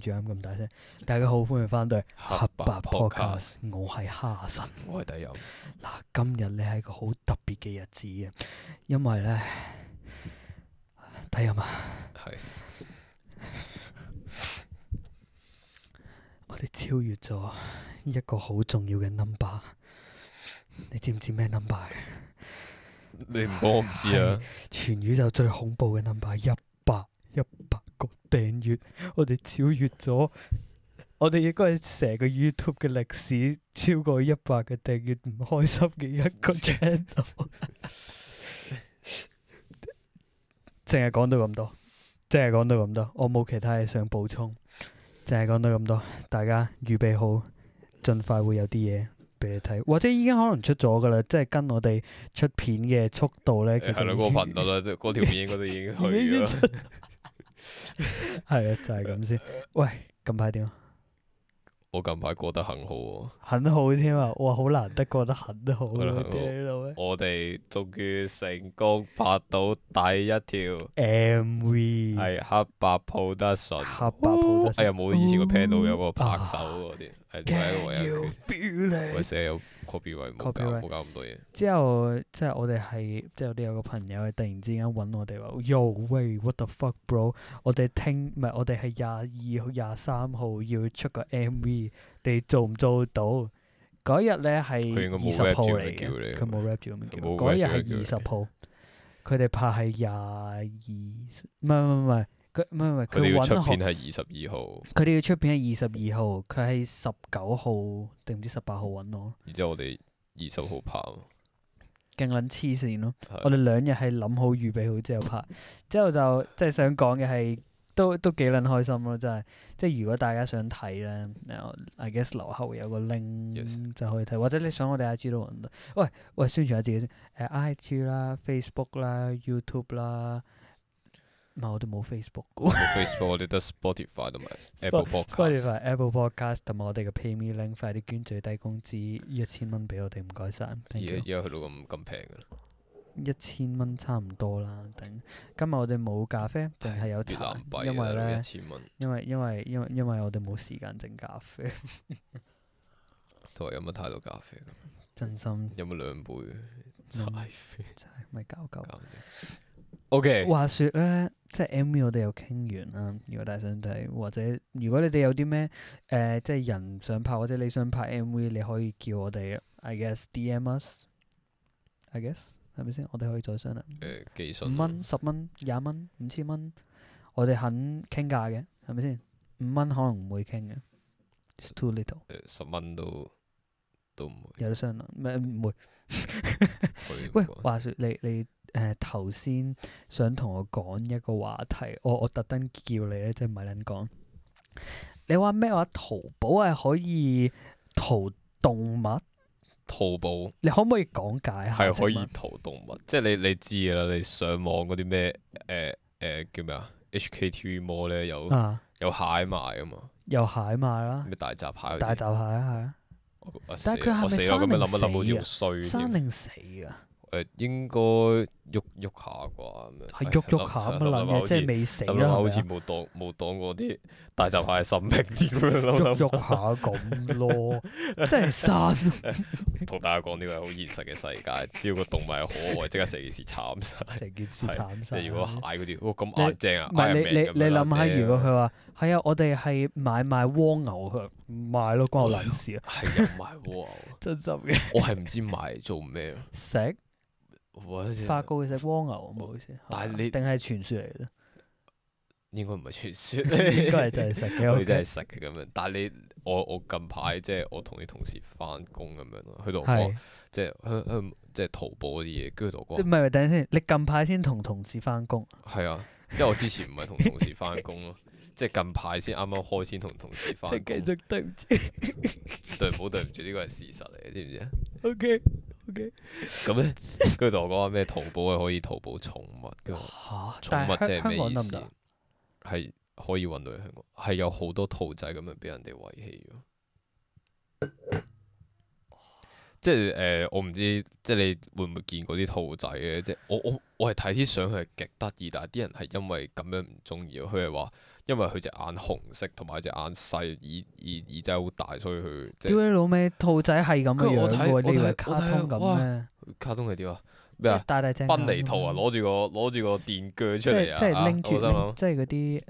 咁大聲！大家好，歡迎翻到《黑白 Podcast》我係哈臣，我係低音。嗱，今日呢係個好特別嘅日子啊，因為呢，低音嘛，係是， 我哋超越咗一個好重要嘅 number。你知唔知咩 number？你唔好我唔知啊！全宇宙最恐怖嘅 number，一百一百。100, 100, 訂閱，我哋超越咗，我哋應該係成個 YouTube 嘅歷史超過一百嘅訂閱，唔開心嘅一個 channel。淨係講到咁多，淨係講到咁多，我冇其他嘢想補充，淨係講到咁多。大家預備好，盡快會有啲嘢俾你睇，或者已經可能出咗噶啦，即係跟我哋出片嘅速度呢，其實啦，個頻道啦，即係條片應該都已經去 已經出笑係啊，就係咁先。喂，近排點啊？我近排過得很好啊，很好添啊！哇，好難得過得很好。我哋終於成功拍到第一條 MV，係黑白鋪得順。黑白鋪得順。哎呀，冇以前個 band 度有嗰個拍手嗰啲，係點解圍一圈？我寫有。copy 位冇搞冇、啊、搞咁多嘢，之後即係、即係、我哋係即係我哋有個朋友突然之間揾我哋話：Yo 喂，what the fuck bro？我哋聽唔係我哋係廿二號、廿三號要出個 MV，你做唔做到？嗰 日咧係二十號嚟嘅，佢冇 rap 住咁叫你，嗰日係二十號，佢哋拍係廿二，唔係唔係唔係。佢唔係唔係佢要出片係二十二號，佢哋要出片係二十二號，佢喺十九號定唔知十八號揾我，然之後我哋二十號拍，勁撚黐線咯！我哋兩日係諗好、預備好之後拍， 之後就即係、就是、想講嘅係都都幾撚開心咯！真係，即、就、係、是、如果大家想睇咧，I guess 樓下會有個 link 就可以睇，Yes. 或者你想我哋 I G 都得。喂喂，宣傳下自己先，誒 I G 啦、Facebook 啦、YouTube 啦。咪我哋冇 Facebook 噶， 冇 Facebook，我哋得 sp Spotify 同埋，Apple Podcast，Apple Podcast 同埋我哋嘅 PayMe Link，快啲捐最低工資一千蚊俾我哋唔該晒，而家而家去到咁咁平嘅啦，一千蚊差唔多啦。等今日我哋冇咖啡，淨係有茶，因為咧，因為因為因為因為我哋冇時間整咖啡。 都話有冇太多咖啡？真心有冇兩杯？太肥，咪搞鳩。家裡 O.K. 話説咧，即係 M.V. 我哋有傾完啦。如果大家想睇，或者如果你哋有啲咩誒，即係人想拍或者你想拍 M.V.，你可以叫我哋。I guess D.M. us。I guess 係咪先？我哋可以再商量。誒、呃，技術。五蚊、呃、十蚊、廿蚊、五千蚊，我哋肯傾價嘅係咪先？五蚊可能唔會傾嘅，too little。誒，十蚊都都唔會。有得商量咩？唔、呃嗯、會。 喂，話説你你。你你誒，頭先、呃、想同我講一個話題，哦、我我特登叫你咧，即係唔係撚講，你話咩話？淘寶係可以淘動物，淘寶你可唔可以講解下？係可以淘動物，即係你你知噶啦，你上網嗰啲咩誒誒叫咩 HK 啊？HKTV Mall 咧有有蟹賣啊嘛，有蟹賣啦，咩大閘蟹？大閘蟹啊吓，但係佢係咪好似好衰，三零四啊？誒，應該喐喐下啩，係喐喐下啊，諗即係未死，好似冇擋冇擋啲大閘蟹嘅生命點樣喐喐下咁咯，即係生，同大家講呢個係好現實嘅世界，只要個動物係可愛，即刻成件事慘晒，成件事慘晒。如果蟹嗰啲，咁眼正啊，唔係你你你諗下，如果佢話係啊，我哋係買賣蝸牛嘅，賣咯關我撚事啊，係啊賣蝸牛，真心嘅。我係唔知買做咩食。法國會食蝸牛，唔好意思，但係你定係傳說嚟嘅？應該唔係傳說 應該就，應該係真係食嘅。佢真係食嘅咁樣。但係你我我近排即係我同啲同事翻工咁樣咯，去到是即係香即係淘寶嗰啲嘢，跟住同我。唔係，等下先。你近排先同同事翻工？係啊， 即係我之前唔係同同事翻工咯， 即係近排先啱啱開先同同事翻。真係真對唔住， 對唔好對唔住，呢、這個係事實嚟，嘅，知唔知啊？O K。Okay. 咁呢，佢同 Okay. 我講話咩？淘寶係，可以淘寶寵物㗎。吓哈，寵物即係咩意思？係可以運到嚟香港？係有好多兔仔咁樣俾人哋遺棄咗。即係誒，我唔知，即係你會唔會見過啲兔仔嘅？即係我我我係睇啲相佢係極得意，但係啲人係因為咁樣唔中意，佢係話。因為佢隻眼紅色，同埋隻眼細，耳耳耳仔好大，所以佢。屌你老味，兔仔係咁樣嘅喎，呢個卡通咁咩？卡通係點啊？咩啊？大大隻。奔尼兔啊！攞住個攞住個電鋸出嚟啊！即係拎住，即係嗰啲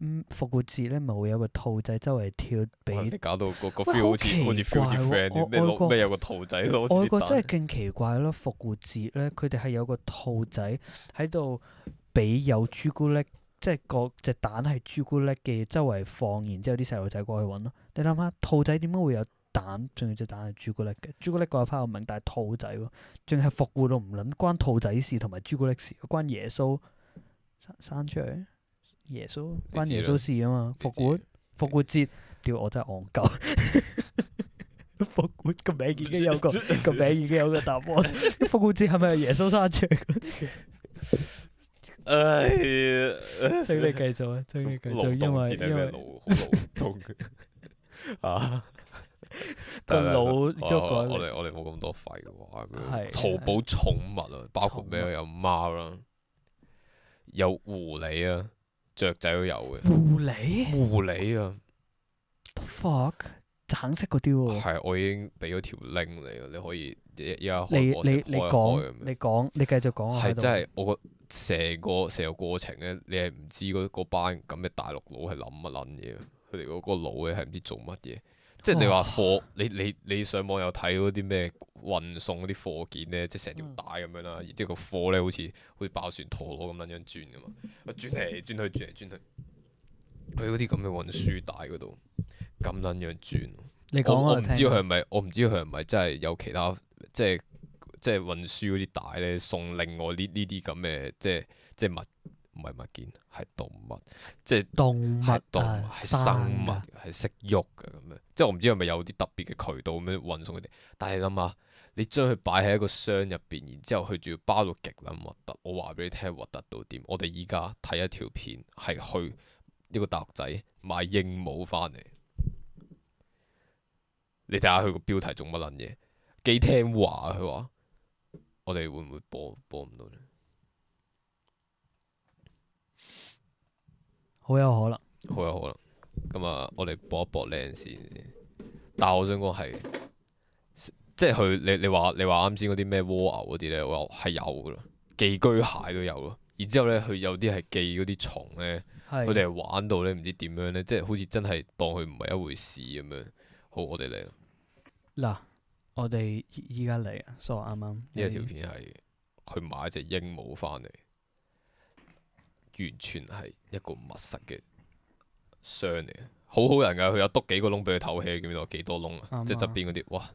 誒復活節咧，咪會有個兔仔周圍跳俾。搞到個個 feel 好似好似 friend 咩有個兔仔咯，好似大。外國真係勁奇怪咯，復活節咧，佢哋係有個兔仔喺度俾有朱古力。即係個隻蛋係朱古力嘅，周圍放，然之後啲細路仔過去揾咯。你諗下，兔仔點解會有蛋，仲要隻蛋係朱古力嘅？朱古力改翻個名，但係兔仔喎，仲要係復古咯，唔諗關兔仔事同埋朱古力事，關耶穌生出嚟，耶穌關耶穌事啊嘛，復古，復古節，屌我真係戇鳩，復古個名已經有個，個名已經有個答案。復 古節係咪耶穌生出嚟？ 唉，請你繼續啊，請你繼續，因為因為腦痛啊，腦，我哋我哋冇咁多廢話。淘寶寵物啊，包括咩有貓啦，有狐狸啊，雀仔都有嘅。狐狸狐狸啊，fuck 橙色嗰啲喎。係我已經俾咗條 link 你，你可以你而家你你你講你講你繼續講啊。係真係我。成個成個過程咧，你係唔知嗰班咁嘅大陸佬係諗乜撚嘢？佢哋嗰個腦咧係唔知做乜嘢。即係你話貨，哇你你你上網有睇嗰啲咩運送嗰啲貨件咧，即係成條帶咁樣啦。然之後個貨咧好似好似爆旋陀螺咁撚樣轉噶嘛，轉嚟轉去轉嚟轉，轉去，喺嗰啲咁嘅運輸帶嗰度咁撚樣轉。你講我唔知佢係咪，我唔知佢係咪真係有其他即係。即係運輸嗰啲帶呢，送另外呢呢啲咁嘅，即係即係物，唔係物件，係動物，即係是動物，動物係生物，係識喐嘅咁樣。即係我唔知係咪有啲特別嘅渠道咁樣運送佢哋。但係你諗下，你將佢擺喺一個箱入邊，然之後佢仲要包到極捻核突。我話俾你聽核突到點。我哋依家睇一條片，係去一個大陸仔買鸚鵡翻嚟。你睇下佢個標題做乜捻嘢？幾聽話佢話。我哋會唔會播播唔到咧？好有可能，好有可能。咁啊，我哋播一播靚先。但係我想講係，即係佢，你你話你話啱先嗰啲咩蝸牛嗰啲呢，我係有噶咯，寄居蟹都有咯。然之後咧，佢有啲係寄嗰啲蟲呢，佢哋係玩到呢，唔知點樣呢？即係好似真係當佢唔係一回事咁樣。好，我哋嚟啦。嗱。我哋依家嚟啊，所以啱啱呢條片係佢買隻鸚鵡翻嚟，完全係一個密實嘅箱嚟嘅，好好人㗎，佢有篤幾個窿俾佢透氣，你見唔見到有幾多窿啊？ 即係側邊嗰啲，哇！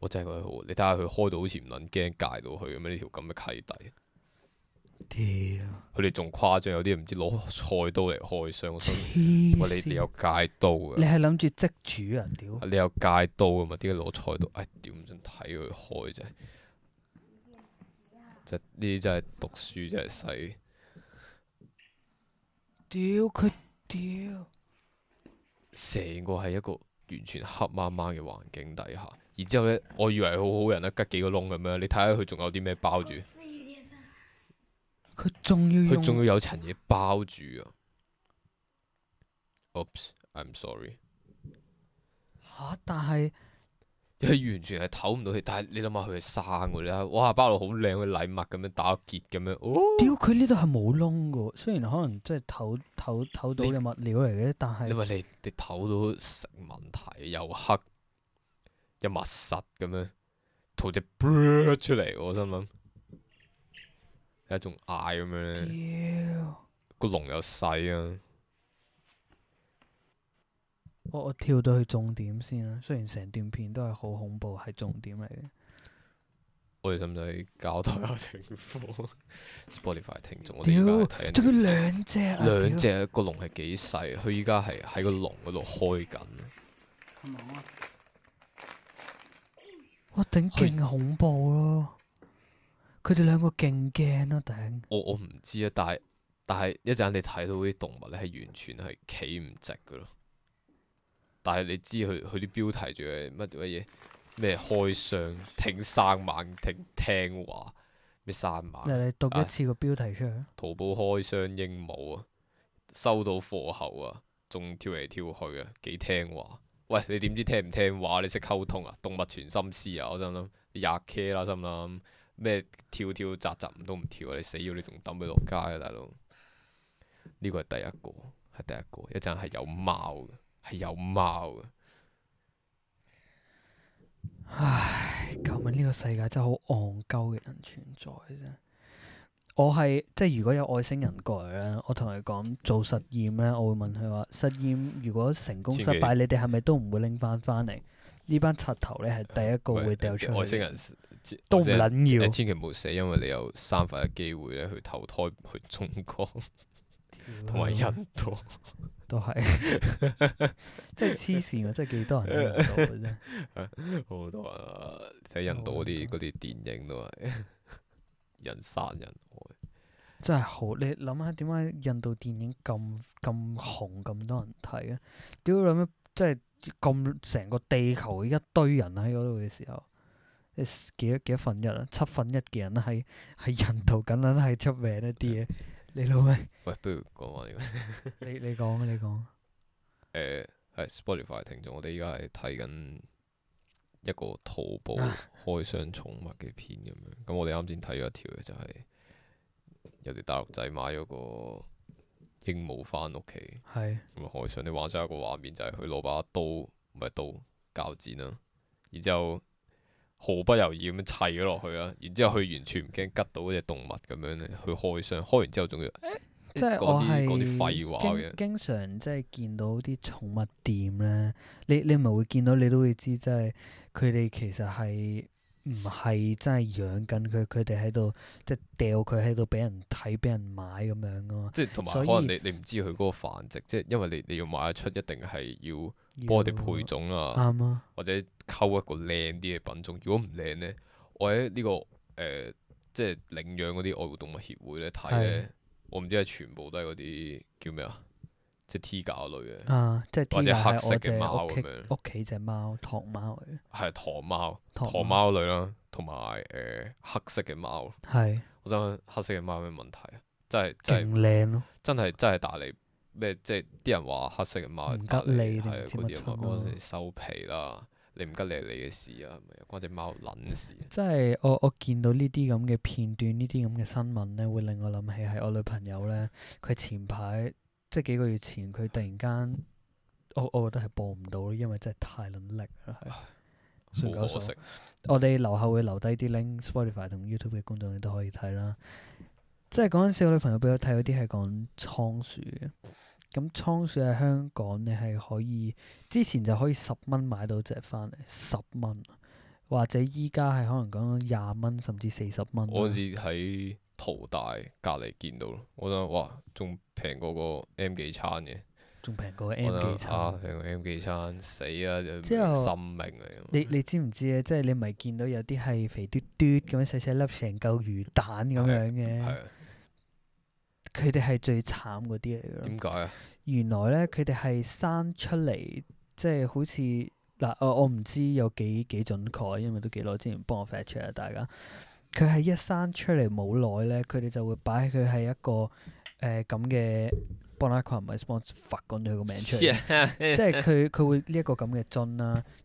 我真係覺得好，你睇下佢開到好似唔撚驚，戒到佢。咁樣呢條咁嘅契弟。佢哋仲誇張，有啲唔知攞菜刀嚟開箱，我心話你哋有戒刀啊！你係諗住積主啊？你有戒刀啊嘛？點解攞菜刀，哎，點想睇佢開啫？呢啲真係讀書真係死！屌佢屌！成個係一個完全黑麻麻嘅環境底下，然之後呢，我以為好好人啦，吉幾個窿咁樣，你睇下佢仲有啲咩包住？佢仲要佢仲要有層嘢包住啊！Oops，I'm sorry。吓、啊？但係，佢完全係唞唔到氣。但係你諗下佢係生嘅啦。你睇下。哇，包到好靚嘅禮物咁樣打結咁樣。哦，屌，佢呢度係冇窿噶。雖然可能真係唞唞唞到嘅物料嚟嘅，你但係是你話你你唞到成問題又黑又密實咁樣，吐只出嚟，我心諗。有一種嗌咁樣咧， 個籠又細啊！ 我我跳到去重點先啦，雖然成段片都係好恐怖，係重點嚟嘅 我哋使唔使搞台下情況 ？Spotify 聽眾中，屌仲要兩隻，兩 隻個籠係幾細？佢依家係喺個籠嗰度開緊。 哇！頂勁恐怖咯～ 佢哋兩個勁驚咯，頂！我我唔知啊，但係但係一陣你睇到啲動物咧係完全係企唔直噶咯。但係你知佢佢啲標題仲係乜乜嘢咩開箱聽生猛聽聽話咩生猛？你，你讀一次個標題出嚟，啊。淘寶開箱鸚鵡啊，收到貨後啊，仲跳嚟跳去啊，幾聽話。喂，你點知聽唔聽話？你識溝通啊？動物全心思啊！我真諗廿 K 啦，心諗。想想想咩跳跳扎紮都唔跳啊！你死要你仲抌佢落街啊，大佬！呢個係第一個，係第一個，一陣係有貓嘅，係有貓嘅。唉，救命，呢、呢個世界真係好戇鳩嘅人存在啫。我係即係如果有外星人過嚟咧，我同佢講做實驗咧，我會問佢話：實驗如果成功奇失敗，你哋係咪都唔會拎翻翻嚟？呢班賊頭咧係第一個會掉出、呃、外星人都唔撚要，你千祈唔好死，因為你有三分一嘅機會咧去投胎去中國同埋 印度 都是，都係即係黐線啊！真係幾多人喺度嘅真，好 多人啊！睇印度嗰啲嗰啲電影都係，人山人海，真係好。你諗下點解印度電影咁咁紅咁多人睇啊？屌你媽！即係咁成個地球一堆人喺嗰度嘅時候。你幾多幾多份一啊？七份一嘅人喺喺印度，梗梗係出名一啲嘅。你老味，喂，不如講下呢個 你你講啊，你講。誒，係、呃、Spotify 聽眾，我哋依家係睇緊一個淘寶開箱寵物嘅片咁樣。咁、啊、 我哋啱先睇咗一條嘅，就係有啲大陸仔買咗個鸚鵡翻屋企。係是。咁啊，開箱你畫出一個畫面，就係佢攞把刀，唔係刀，鉸剪啊，然之後，毫不猶豫咁樣砌咗落去啦，然之後佢完全唔驚拮到嗰隻動物咁樣咧，去開箱，開完之後仲要誒，即係我講啲廢話嘅。經常即係見到啲寵物店咧，你你咪會見到，你都會知，即係佢哋其實係唔係真係養緊佢，佢哋喺度即係掉佢喺度俾人睇，俾人買咁樣咯。即係同埋可能你你唔知佢嗰個繁殖，即係因為你你要買得出，一定係要。幫我哋配種啊，或者溝一個靚啲嘅品種。如果唔靚咧，我喺呢個誒，即係領養嗰啲愛護動物協會咧睇咧，我唔知係全部都係嗰啲叫咩啊，即係 T 狗類嘅，或者黑色嘅貓咁樣。屋企隻貓，唐貓。係唐貓，唐貓類啦，同埋誒黑色嘅貓。係。我想問黑色嘅貓有咩問題啊？真係真係靚咯，真係真係打你。咩即係啲人話黑色嘅貓唔吉利你啊？嗰陣時收皮啦，你唔吉利係你嘅事啊，係咪啊？關隻貓撚事。即係我我見到呢啲咁嘅片段，呢啲咁嘅新聞咧，會令我諗起係我女朋友咧，佢前排即係幾個月前，佢突然間，我我覺得係播唔到，因為真係太撚力啦，係。 我哋樓下會留低啲 link，Spotify 同 YouTube 嘅觀眾你都可以睇啦。即係嗰陣時，我女朋友俾我睇嗰啲係講倉鼠嘅。咁倉鼠喺香港，你係可以之前就可以十蚊買到隻翻嚟，十蚊或者依家係可能講到廿蚊甚至四十蚊。我好似喺淘大隔離見到咯，我覺得哇，仲平過個 M 記餐嘅，仲平過、啊、過 M 記餐平過 M 記餐，死啊，生命嚟！你你知唔知咧？即係你咪見到有啲係肥嘟嘟咁樣細細粒成嚿魚蛋咁樣嘅。佢哋係最慘嗰啲嚟咯。點解啊？原來咧，佢哋係生出嚟，即係好似嗱、呃，我我唔知有幾幾準確，因為都幾耐之前幫我 fetch 發出啦，大家。佢係一生出嚟冇耐咧，佢哋就會擺佢喺一個誒咁嘅。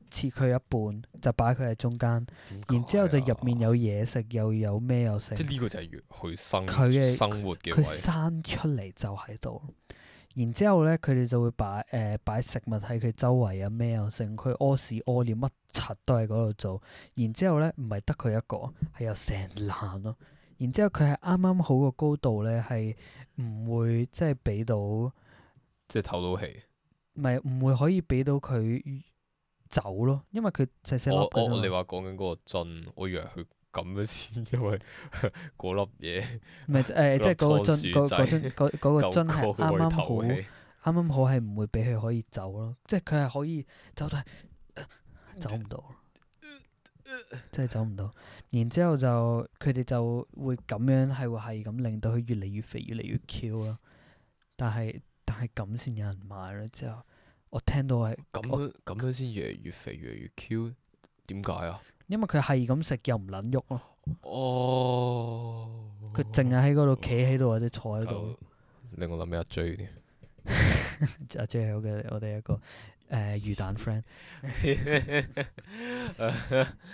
切佢一半，就擺佢喺中間，然之後就入面有嘢食，又有咩又食。即呢個就係佢生佢嘅生活嘅位。佢生出嚟就喺度，然之後咧佢哋就會擺誒擺食物喺佢周圍啊，咩又剩佢屙屎屙尿乜柒都喺嗰度做。然之後咧唔係得佢一個，係有成欄咯。然之後佢係啱啱好個高度咧，係唔會即係俾到，即係透到氣。唔係唔會可以俾到佢。走咯，因為佢細細粒。你話講緊嗰個樽，我以為佢咁樣先，因為嗰粒嘢。唔係 瓶，即係嗰個樽瓶，嗰嗰樽，嗰嗰 個樽係啱啱好，啱啱 好係唔會俾佢可以走咯。即係佢係可以走，但係走唔到，即、啊、係走唔到。 然之後就佢哋就會咁樣係，係咁令到佢越嚟越肥，越嚟越 Q 咯。但係但係咁先有人買咯，之後。我聽到係咁樣咁樣先，越嚟越肥，越嚟越 Q，點解啊？因為佢係咁食又唔撚喐咯。哦。佢淨係喺嗰度企喺度，或者坐喺度。哦、令我諗起阿 J。阿 J，我嘅我哋一個誒、呃、魚蛋 friend。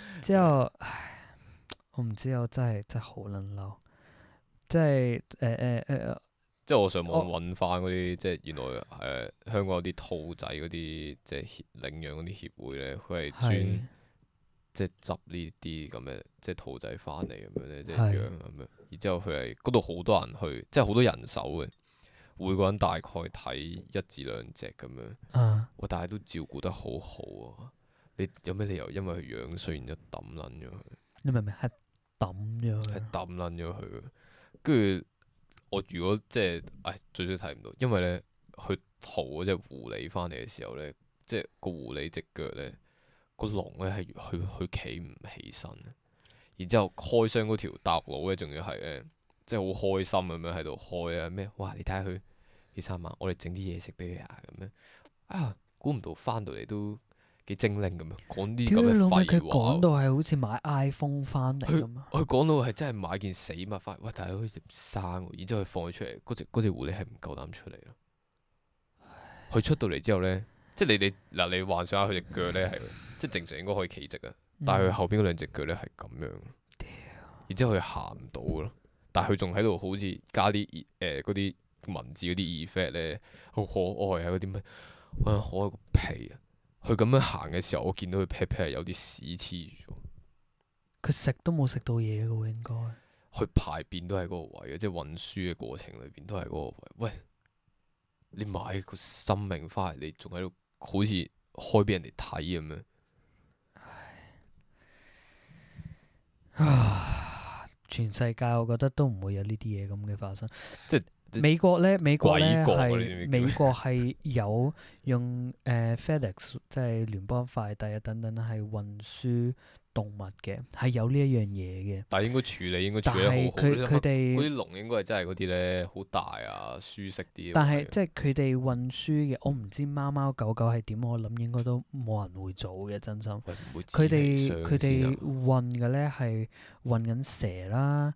之後，唉我唔知我真係真係好撚嬲。即係誒誒誒。呃呃即係我上網揾翻嗰啲，即係原來誒香港有啲兔仔嗰啲，即係領養嗰啲協會呢，佢係專是即係執呢啲咁嘅，即係兔仔翻嚟咁樣咧，即係養咁樣。然是之後佢係嗰度好多人去，即係好多人手嘅，每個人大概睇一至兩隻咁樣。嗯、啊，我但係都照顧得好好啊！你有咩理由因為佢樣衰然之後抌撚咗佢？你明唔明？係抌咗佢，係抌撚咗佢。跟住。我如果即係，唉，最少睇唔到，因為咧，佢逃嗰隻狐狸翻嚟嘅時候咧，即係個狐狸隻腳咧，個籠咧係，佢佢企唔起身，然之後開箱嗰條搭路咧，仲要係咧，即係好開心咁樣喺度開啊咩，哇！你睇下佢，李生啊，我哋整啲嘢食俾佢啊咁樣，啊，估唔到翻到嚟都。幾精靈咁樣講啲咁嘅嘢。佢講到係好似買 iPhone 翻嚟咁啊！佢講到係真係買件死物翻嚟，喂！但係佢只衫，然後唉之後佢放咗出嚟，嗰隻嗰隻狐狸係唔夠膽出嚟咯。佢出到嚟之後咧，即係你哋，嗱，你幻想下佢隻腳咧係，即係正常應該可以企直啊。但係佢後邊嗰兩隻腳咧係咁樣，然、嗯、之後佢行唔到咯。但係佢仲喺度好似加啲誒嗰啲文字嗰啲 effect 咧，好可愛啊！嗰啲咩？哇！可愛個屁啊！佢咁樣行嘅時候，我見到佢 pat pat 有啲屎黐住喎。佢食都冇食到嘢㗎喎，應該。佢排便都喺嗰個位，即係運輸嘅過程裏邊都係嗰個位。喂，你買個生命翻嚟，你仲喺度好似開俾人哋睇咁樣。唉，全世界我覺得都唔會有呢啲嘢咁嘅發生。即係。美國咧，美國咧係美國係有用誒 FedEx 即係聯邦快遞啊等等係運輸動物嘅，係有呢一樣嘢嘅。但係應該處理應該處理好好。但係佢佢哋嗰啲籠應該係真係嗰啲咧，好大啊，舒適啲。但係即係佢哋運輸嘅，我唔知貓貓狗狗係點，我諗應該都冇人會做嘅，真心。佢哋佢哋運嘅咧係運緊蛇啦、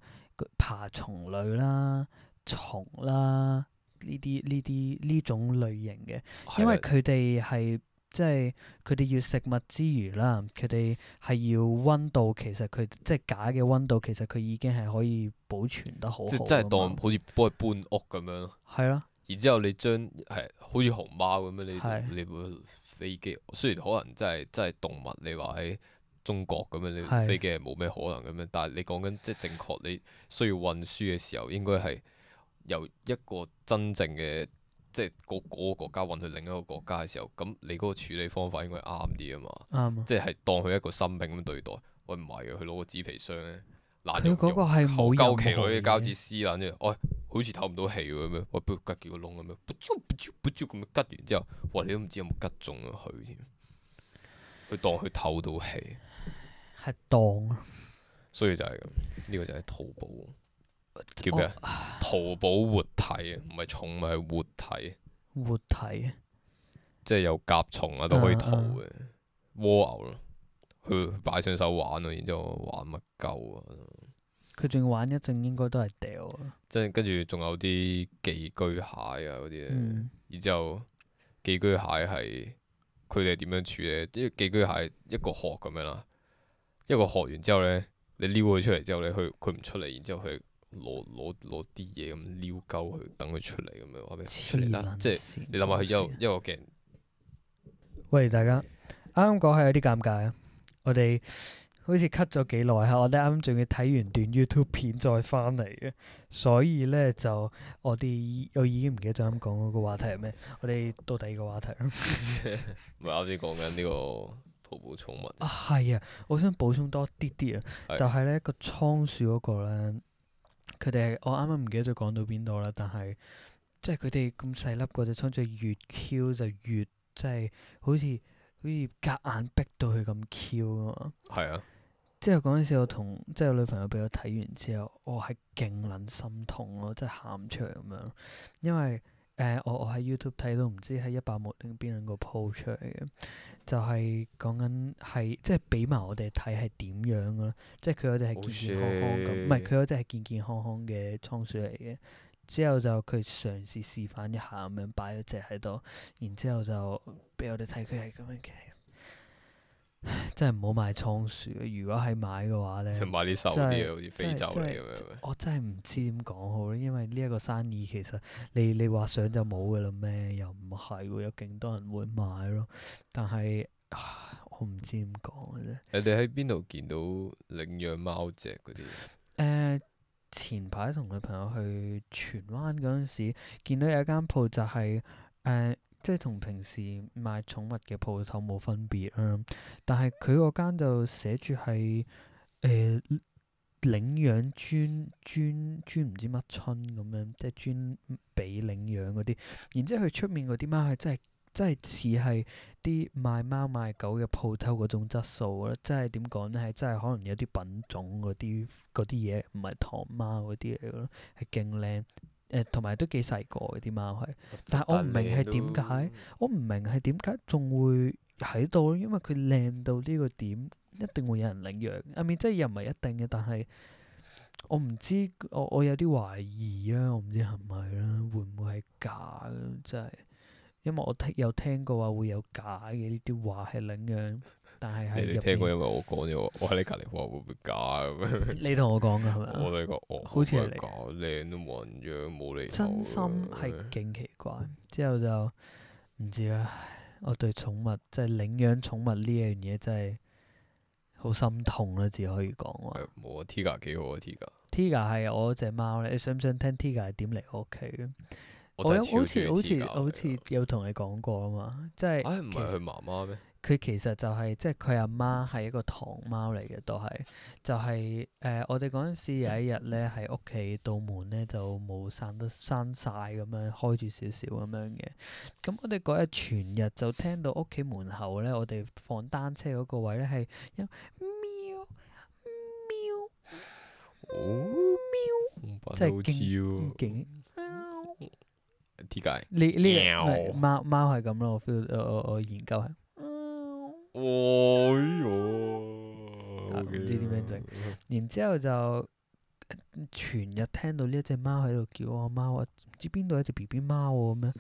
爬蟲類啦。蟲啦，呢啲呢啲呢種類型嘅，的因為佢哋係即係佢哋要食物之餘啦，佢哋係要溫度，其實佢即係假嘅溫度，其實佢已經係可以保存得好即係即係當好似搬屋咁樣咯。係咯的。然之後你將係好似熊貓咁樣，你的你會飛機，雖然可能真係真係動物，你話喺中國咁樣，你飛機係冇咩可能咁樣，的但係你講緊即係正確，你需要運輸嘅時候，應該係。由一個真正嘅即係嗰個國家運去另一個國家嘅時候，咁你嗰個處理方法應該啱啲啊嘛，即係當佢一個心病咁對待。喂唔係啊，佢攞個紙皮箱咧，攔住佢嗰個係好膠皮嗰啲膠紙撕攬住，我、哎、好似透唔到氣咁樣，喂吉住個窿咁樣，咁樣吉完之後，我你都唔知有冇吉中咗佢添，佢當佢透到氣係當啊，所以就係咁，呢、呢個就係淘寶。叫咩啊？淘寶活體啊，唔係寵物，係活體。活體，活體即係有甲蟲啊，都可以淘嘅蝸牛咯，去擺上手玩啊。然之後玩乜鳩啊？佢仲要玩一陣，應該都係掉啊。即係跟住仲有啲寄居蟹啊，嗰啲咧。嗯、然之後寄居蟹係佢哋點樣處理？因為寄居蟹一個殼咁樣啦，一個殼完之後咧，你撩佢出嚟之後，你去佢唔出嚟，然之後佢。攞攞攞啲嘢咁撩鳩佢，等佢出嚟咁樣，話俾佢出嚟啦。了即係你諗下佢又一個鏡。喂，大家啱啱講係有啲尷尬啊！我哋好似 cut 咗幾耐吓，我哋啱啱仲要睇完段 YouTube 片再翻嚟嘅，所以咧就我哋我已經唔記得咗啱講嗰個話題係咩？我哋到第二個話題啦。唔係啱先講緊呢個淘寶寵物 啊，係啊，我想補充多啲啲啊，就係、是、咧、個倉鼠嗰個咧。那個呢 佢哋係我啱啱唔記得再講到邊度啦，但係即係佢哋咁細粒嗰隻倉鼠越 Q 就越即係好似好似夾硬逼到佢咁 Q 啊嘛。係啊！即係嗰陣時我，我同即係我女朋友俾我睇完之後，我係勁撚心痛咯，即係喊唔出嚟咁樣，因為。誒、嗯，我我喺 YouTube 睇到，唔知喺一百幕定邊兩個鋪出嚟嘅，就係講緊係即係俾埋我哋睇係點樣㗎咯，即係佢嗰隻係健健康康咁，唔係佢嗰隻係健健康康嘅倉鼠嚟嘅。之後就佢嘗試示範一下咁樣擺咗隻喺度，然之後，後就俾我哋睇佢係咁樣嘅。 真係唔好買倉鼠，如果係買嘅話咧，即係買啲瘦啲嘅，好似、就是、非洲嚟咁樣。我真係唔知點講好咧，因為呢一個生意其實你你話想就冇噶啦咩？又唔係喎，有勁多人會買咯。但係唉，我唔知點講嘅啫。你哋喺邊度見到領養貓隻嗰啲？誒、 呃，前排同女朋友去荃灣嗰陣時，見到有一間鋪就係、是、誒。呃即係同平時賣寵物嘅鋪頭冇分別啦、啊，但係佢嗰間就寫住係誒領養專專專唔知乜春咁樣，即係專俾領養嗰啲。然之後佢出面嗰啲貓係真係真係似係啲賣貓賣狗嘅鋪頭嗰種質素咯、啊，即係點講咧？係真係可能有啲品種嗰啲嗰啲嘢唔係唐貓嗰啲嚟咯，係勁靚。誒同埋都幾細個啲貓係，但係我唔明係點解，我唔明係點解仲會喺度咧，因為佢靚到呢個點一定會有人領養，阿咪即係又唔係一定嘅，但係我唔知，我我有啲懷疑啊，我唔知係咪係啦，會唔會係假嘅？真係，因為我聽有聽過話會有假嘅呢啲話係領養。但係係你哋聽過，因為我講啫，我喺你隔籬話會唔會假？你同我講噶係咪？我都係講哦，好似係假靚都冇人養，冇你真心係勁奇怪，之後就唔知啦。我對寵物即係領養寵物呢樣嘢真係好心痛咯，只可以講。係冇啊，Tiger 幾好啊 Tiger。Tiger 係我隻貓，你想唔想聽 Tiger 點嚟我屋企？我真係超中意 Tiger。好似好似有同你講過啊嘛，即係唔係佢媽媽咩？佢其實就係、是、即係佢阿媽係一個唐貓嚟嘅，都係就係、是、誒、呃、我哋嗰陣時有一日咧，喺屋企道門咧就冇閂得閂晒咁樣，開住少少咁樣嘅。咁我哋嗰日全日就聽到屋企門口咧，我哋放單車嗰個位咧係喵喵，喵，喵，喵，喵，喵，喵哦喵，即係勁勁。點解？呢呢貓係咁咯，我我我，我研究下。哎喲，唔、啊、知點樣整、啊，然之後就全日聽到呢一隻貓喺度叫我阿媽啊，唔知邊度有一隻 B B 貓咁樣。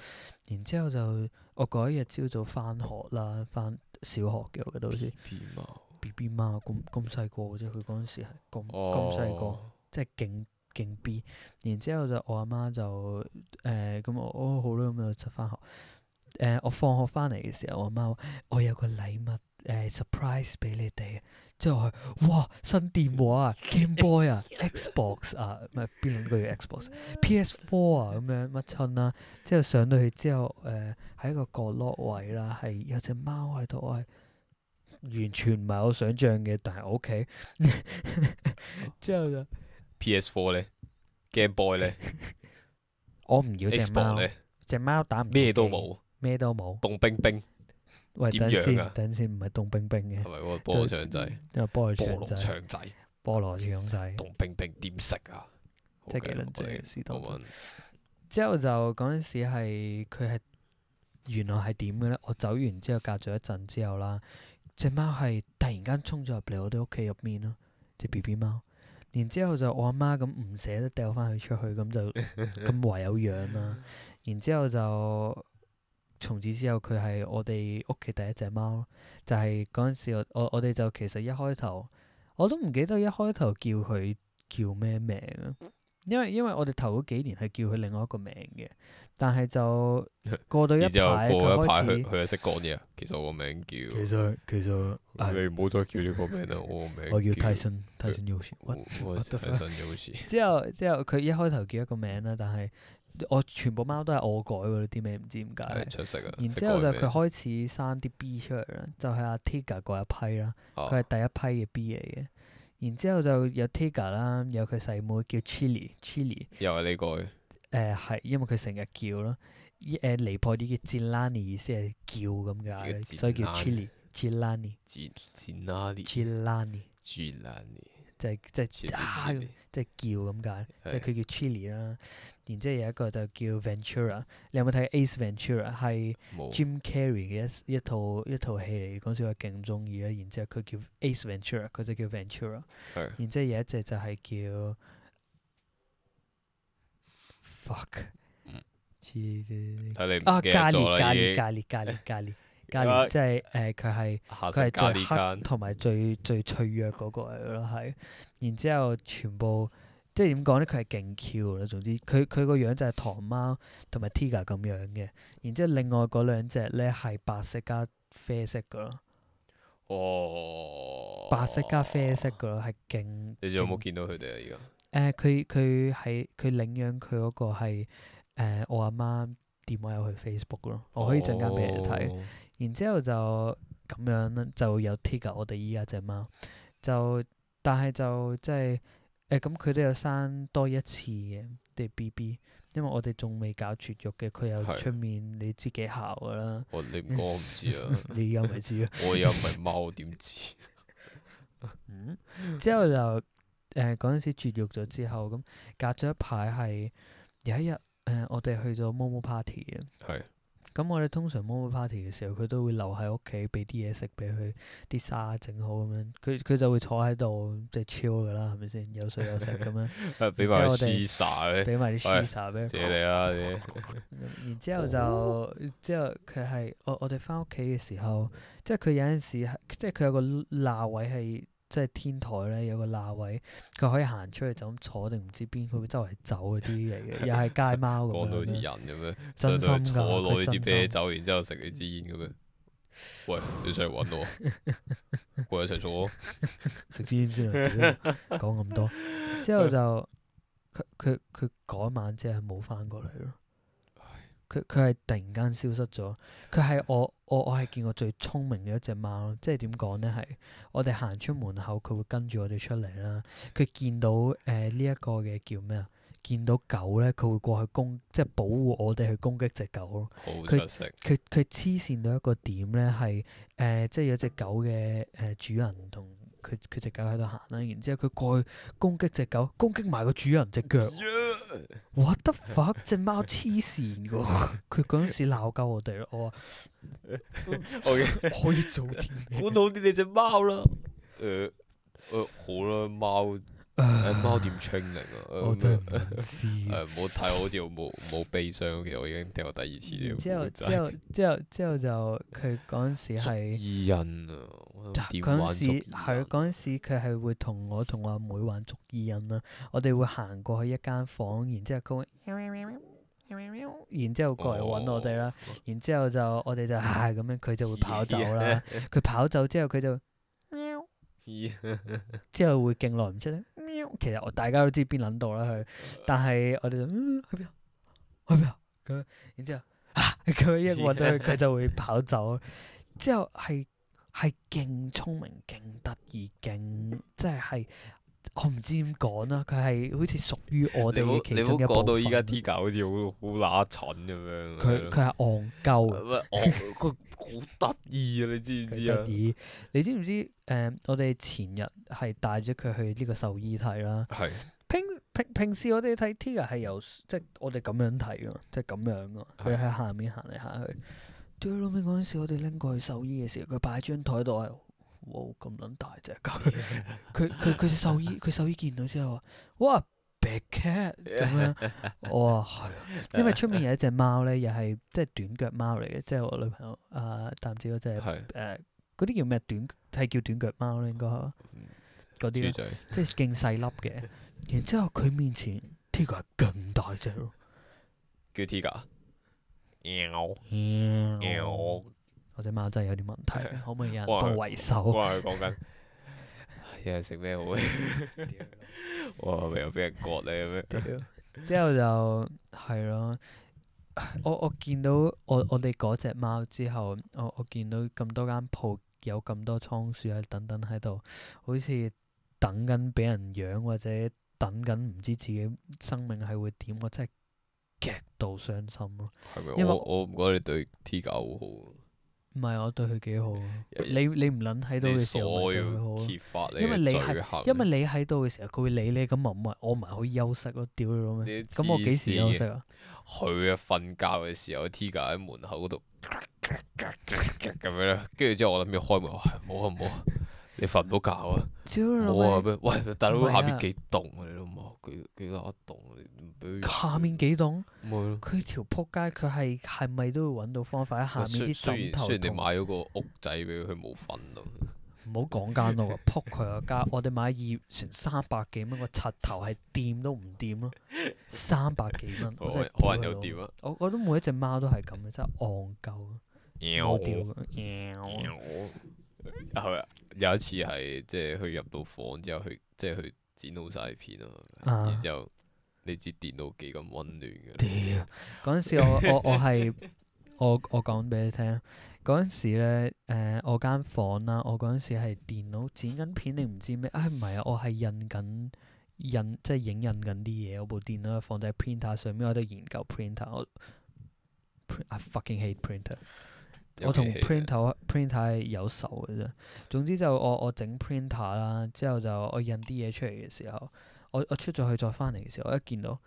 然之後就我嗰一日朝早翻學啦，翻小學嘅，我記得好似。B B 貓，B B 貓咁咁細個嘅啫，佢嗰陣時咁咁細個，即係勁勁 B。啊、然之後就我阿媽就誒咁，我好啦咁就出翻、呃哦、學。誒、呃、我放學翻嚟嘅時候，我媽話我有個禮物誒、呃、surprise 俾你哋，之後我哇，新電話啊，Game Boy 啊，Xbox 啊，唔係，邊兩個叫 Xbox，PS Four 啊咁樣乜親啦，之後上到去之後誒喺、呃、一個角落位啦，係有隻貓喺度，我係完全唔係我想象嘅，但係我屋企。之後就 PS Four 咧，Game Boy 咧， 我唔要隻貓咧，呢隻貓打唔到機，咩都冇。咩都冇，凍冰冰，喂，等陣先，等陣先，唔係凍冰冰嘅，係咪喎？菠蘿腸仔，菠蘿腸仔，菠蘿腸仔，凍冰冰點食啊？即係幾靚仔嘅事，凍冰冰。之後就嗰陣時係佢係原來係點嘅咧？我走完之後隔咗一陣之後啦，隻貓係突然間衝咗入嚟我哋屋企入面咯，隻 B B 貓。然之後就我阿媽咁唔捨得掉翻佢出去，咁就咁唯有養啦。然之後就。從此之後，佢係我哋屋企第一隻貓。就係嗰陣時，我我哋就其實一開頭我都唔記得一開頭叫佢叫咩名。因為因為我哋頭嗰幾年係叫佢另外一個名嘅，但係就過到一排，佢就始佢識講嘢。其實我個名叫，其實其實你唔好再叫呢個名啦，我個名叫泰森，泰森勇士。我泰森之後，之後佢一開頭叫一個名啦，但係。我全部貓都係我改嗰啲，咩唔知點解。然之後過就佢開始生啲 B 出嚟啦，就係阿 Tiger 嗰一批啦，佢係、哦、第一批嘅 B 嚟嘅。然之後就有 Tiger 啦，有佢細妹，妹叫 Chili，Chili Ch。又係你改？誒係，因為佢成日叫咯，誒離譜啲嘅 Jilani 意思係叫咁㗎，ani, 所以叫 Chili，Jilani。Jilani。Jilani。Jilani 即係即係啊，即係叫咁解，即係佢叫 Chili 啦，然之後有一個就叫 Ventura 你有冇睇過 Ace Ventura 係 Jim Carrey 嘅一一套一套戲嚟嘅嗰陣時我勁中意啊，然之後佢叫 Ace Ventura 佢就叫 Ventura 的然之後有一隻就係叫 fuck Chili 啊，咖喱、咖喱、咖喱、咖喱、咖喱嗯、即係誒，佢係佢係最黑同埋最最脆弱嗰、嗰個咯，係。然之後全部即係點講咧？佢係勁 cute 啦，總之佢佢個樣就係唐貓同埋 Tiger 咁樣嘅。然之後另外嗰兩隻咧係白色加啡色噶咯。哦。白色加啡色噶咯，係勁、哦。很你仲有冇見到佢哋啊？而家誒，佢佢係佢領養佢嗰個係、呃、我阿媽電話入去 Facebook 咯，我可以陣間俾你睇。哦。然之後就咁樣啦，就有 t i g g e r 我哋依家隻貓，就但係就即係誒咁佢都有生多一次嘅啲 BB，因為我哋仲未搞絕育嘅，佢又出面是你自己姣噶啦。哦，你唔講我唔知啊？ 你有咪知啊？ 我又唔係貓點知？ 嗯，之後就誒嗰陣時絕育咗之後，咁隔咗一排係有一日誒、呃，我哋去咗 MOMO party 啊。係。咁我哋通常摸摸 party 嘅時候，佢都會留喺屋企，俾啲嘢食俾佢，啲沙整好咁樣，佢佢就會坐喺度即係超噶啦，係咪先？有水有食咁樣。即係俾埋披薩俾埋啲披薩咧。謝你啊！ 然之後就，之 後佢係我我哋返屋企嘅時候，嗯、即係佢有陣時即係佢有個臘位係。即係天台咧有個罅位，佢可以行出去就咁坐定唔知邊，佢會，會周圍走嗰啲嚟嘅，又係街貓咁樣， 樣。講到好似人咁樣，真心坐攞你支啤酒，然之後食你支煙咁樣。喂，你上嚟揾我，過嚟 一齊坐。食 支 煙先，講咁多 之後就佢佢佢嗰晚即係冇翻過嚟咯。佢佢係突然間消失咗，佢係我我我係見過最聰明嘅一隻貓，即係點講咧？係我哋行出門口，佢會跟住我哋出嚟啦。佢見到誒呢一個嘅叫咩啊？見到狗咧，佢會過去攻，即係保護我哋去攻擊隻狗咯。好，佢佢黐線到一個點咧，係誒、呃，即係有隻狗嘅誒、呃、主人同佢佢隻狗喺度行啦。然之後佢過去攻擊隻狗，攻擊埋個主人隻腳。 what the fuck？ 隻貓黐線噶，佢嗰陣時鬧鳩我哋咯，我話，可以做啲咩？管好啲你隻貓啦。誒誒，好啦，貓。貓點 training 啊？我真係唔知、 嗯、好睇，好似冇冇悲傷。其實我已經掉我第二次添。之後之後之後之後就佢嗰陣時係。捉伊人啊！我點玩捉伊人？嗰陣時係陣時，佢係會同我同阿妹、妹玩捉伊人、啊。啦。我哋會行過去一間房間，然之後佢，然之後過嚟搵我哋啦。哦、然之後就我哋就唉。咁、哎、樣，佢就會跑走啦。佢耶 跑走之後，佢就，之後會勁耐唔出咧。 其實我大家都知邊撚度啦佢，但係我哋就嗯，去邊啊？去邊啊？咁然之後啊，佢一搵到佢就會跑走。之後係係勁聰明勁得意勁，即係係。我唔知點講啦，佢係好似屬於我哋嘅其中一部分。你唔好講到依家 Tiger 好似好好乸蠢咁樣。佢佢係戇鳩，佢好得意啊！你知唔知啊？得意，你知唔知？誒、嗯，我哋前日係帶咗佢去呢個獸醫睇啦。平平平時我哋睇 Tiger 係由即係、就是、我哋咁樣睇啊，即係咁樣啊，佢喺的下面行嚟行去。屌你老味，嗰陣時我哋拎過去獸醫嘅時候，佢擺張台度。冇咁撚大隻，佢佢佢隻獸醫佢獸醫見到之後話：哇，big cat 咁 樣，我話係啊，嗯、 因為出面有一隻貓咧，又係即係短腳貓嚟嘅，即係我女朋友啊、呃，淡子哥就嗰啲叫咩短，係叫短腳貓咧應該呢，嗰啲豬嘴 即係勁細粒嘅。 然之後佢面前呢個係更大隻咯，叫 Tiger。隻貓真係有啲問題， 可唔可以有人幫佢維修？講緊，又係食咩好咧？哇！咪 又俾人割你。咁樣。之後就係咯，我我見到我我哋嗰隻貓之後，我我見到咁多間鋪有咁多倉鼠喺等等喺度，好似等緊俾人養或者等緊唔知自己生命係會點，我真係極度傷心咯。係咪嗎？因為我我唔覺得你對 T 狗好好。唔係，我對佢幾好，嗯你。你你唔撚喺度嘅時候，我對佢好。因為你行因為你喺度嘅時候，佢會理你咁啊，唔係，我唔係可以休息咯，屌你老味。咁我幾時休息啊？佢啊瞓覺嘅時候 Tiger 喺門口嗰度咁樣，跟住之後我諗住開門，我冇啊冇啊，你瞓唔到覺啊，冇啊喂，大佬下邊幾凍啊你老母！幾幾多棟？下面幾棟？佢條扑街，佢係係咪都會揾到方法喺下面啲枕頭度？雖然雖然你買咗個屋仔俾佢，佢冇瞓咯。唔好講間屋啊！扑佢個家，我哋買二成三百幾蚊個柒頭，係掂都唔掂咯。三百幾蚊，我真係好難有掂啊！我我覺得每一隻貓都係咁樣，真係戇鳩，冇掂。有有一次係即係佢入到房之後去即係去。剪好晒片咯，啊、然之後你知電腦幾咁溫暖嘅。屌，嗰陣時我我我係我我講俾你聽，嗰陣時咧，誒，我間房啦，我嗰陣 時係、呃、電腦剪緊片定唔知咩？啊、哎，唔係啊，我係印緊印即係影印緊啲嘢，我部電腦放咗喺 printer 上面，我喺度研究 printer。我，I fucking hate printer。我同 print printer，printer 係有仇嘅啫。總之就我我整 printer 啦，之後就我印啲嘢出嚟嘅時候，我我出咗去再翻嚟嘅時候，我一見到，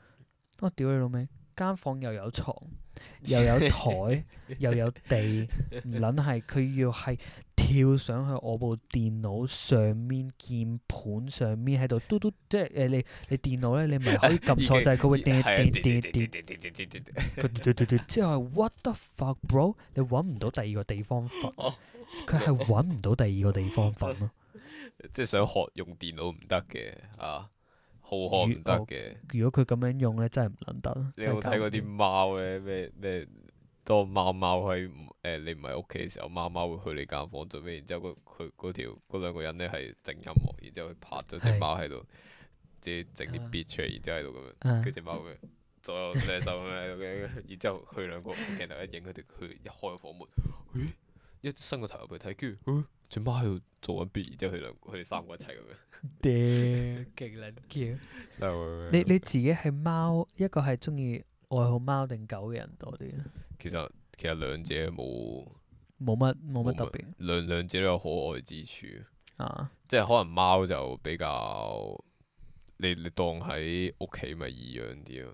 我、哦、屌你老味，間房又有床， 又有台，又有地，唔撚係佢要係。跳上去我部電腦上面鍵盤上面喺度嘟嘟，即係誒你你電腦咧，你咪可以撳錯，就係佢會滴滴滴滴滴之後係 what the fuck bro？你揾唔到第二個地方瞓，佢係揾唔到第二個地方瞓咯。即係想學用電腦唔得嘅啊，好學唔得嘅。如果佢咁樣用咧，真係唔撚得。你有冇睇過啲貓咧咩咩？當貓貓喺誒，你唔喺屋企嘅時候，貓貓會去你間房做咩？然之後嗰，佢嗰條嗰兩個人咧，係整音樂，然之後拍咗隻貓喺度，自己整啲 beat 出嚟，然之後喺度咁樣，佢隻貓咁樣左右兩手咁樣喺度嘅， 然之後佢兩個鏡頭一影，佢哋佢一開房門，一伸個頭入去睇，跟住，隻貓喺度做緊 beat，然之後佢兩佢哋三個一齊咁樣，屌 好，勁撚勁，你你自己係貓一個係中意愛好貓定狗嘅人多啲啊？其實其實兩者冇冇乜冇乜特別，兩兩者都有可愛之處、啊、即係可能貓就比較你你當喺屋企咪易養啲咯，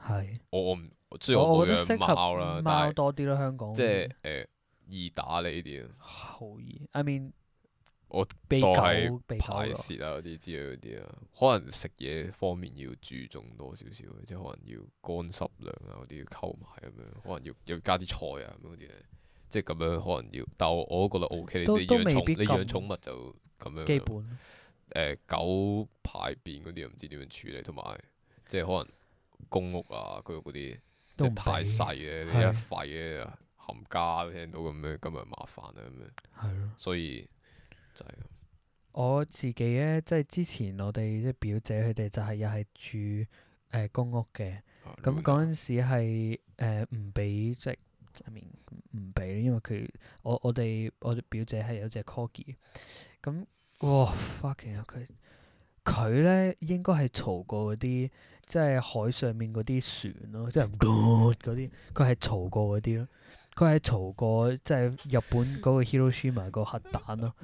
係我我唔，係我養貓啦，貓多啲啦、啊，香港即係誒、呃、易打理啲好易。I mean 我多喺排泄啊嗰啲之類嗰啲啊，可能食嘢方面要注重多少少，即係可能要乾濕糧啊嗰啲要溝埋咁樣，可能要要加啲菜啊咁嗰啲嘢，即係咁樣可能要。但我我都覺得，OK 其實你養寵你養寵物就咁樣。基本。誒基本、呃，狗排便嗰啲又唔知點樣處理，同埋即係可能公屋啊居屋嗰啲，即係太細咧，你一吠咧冚家都聽到咁樣，咁就麻煩啊咁樣。所以。我自己咧，即係之前我哋啲表姐佢哋就係又係住誒、呃、公屋嘅，咁嗰陣時係唔俾即係入面唔俾，因為佢我我哋我表姐係有隻 Corgi，咁哇 fucking 佢佢咧應該係嘈過嗰啲即係海上面嗰啲船咯，即係嗰啲佢係嘈過嗰啲咯。佢係嘈過即係日本嗰個 Hiroshima 個核彈咯，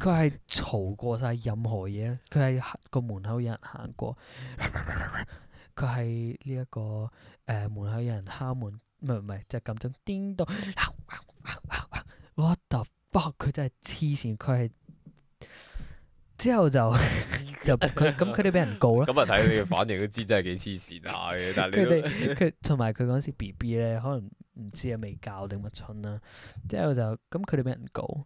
佢係嘈過晒任何嘢，佢係個門口有人行過，佢係呢一個誒、呃、門口有人敲門，唔係唔係就撳、是、鐘，顛到，what the fuck！佢真係黐線，佢係。之後就 就佢咁佢哋俾人告咧，咁啊睇你嘅反應都知真係幾黐線下嘅。 但你佢哋同埋佢嗰時 B B 咧，可能唔知啊未教定乜春啦。之後就咁佢哋俾人告，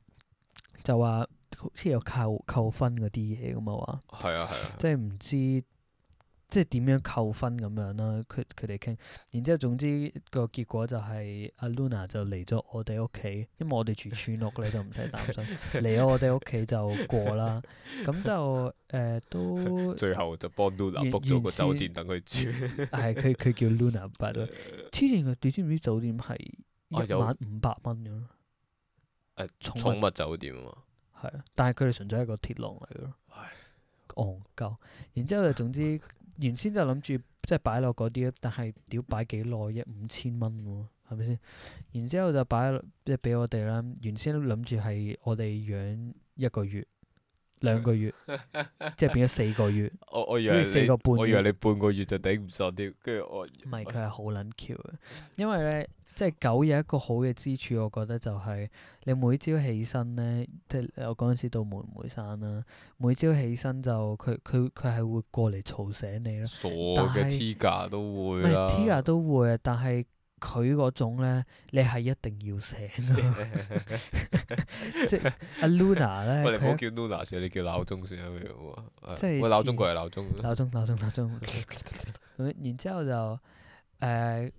就話好似有扣扣分嗰啲嘢咁啊話，係啊係啊，啊即係唔知。即係點樣扣分咁樣啦？佢佢哋傾，然之後總之個結果就係阿 Luna 就嚟咗我哋屋企，因為我哋住村屋，你 就唔使擔心嚟咗我哋屋企就過啦。咁就誒、呃、都最後就幫 Luna book 咗個酒店等佢他住。係佢佢叫 Luna，但係黐線佢你知唔知酒店係一萬五百蚊咁咯？誒寵物酒店啊，係啊，但係佢哋純粹係個鐵籠嚟咯，憨鳩唉、嗯。然之後總之。 原先就諗住即係擺落嗰啲，但係屌擺幾耐啫？五千蚊喎，係咪先？然之後就擺即係俾我哋啦。原先都諗住係我哋養一個月、兩個月， 即係變咗四個月。我我以為你，跟住四個半月。我以為你半個月就頂唔順啲，跟住我唔係佢係好撚巧嘅，因為咧。即係狗有一個好嘅之處，我覺得就係你每朝起身咧，即係我嗰陣時到梅梅山啦、啊。每朝起身就佢佢佢係會過嚟吵醒你咯。傻嘅的是 Tiger 都會、哎、Tiger 都會啊，但係佢嗰種咧，你係一定要醒、啊。 Yeah. 即係阿 Luna 咧， 呢喂你唔好叫 Luna 先，你叫鬧鐘先啊，不如、啊，即係鬧鐘過嚟鬧鐘，鬧鐘鬧鐘鬧鐘，咁 然之後就誒。呃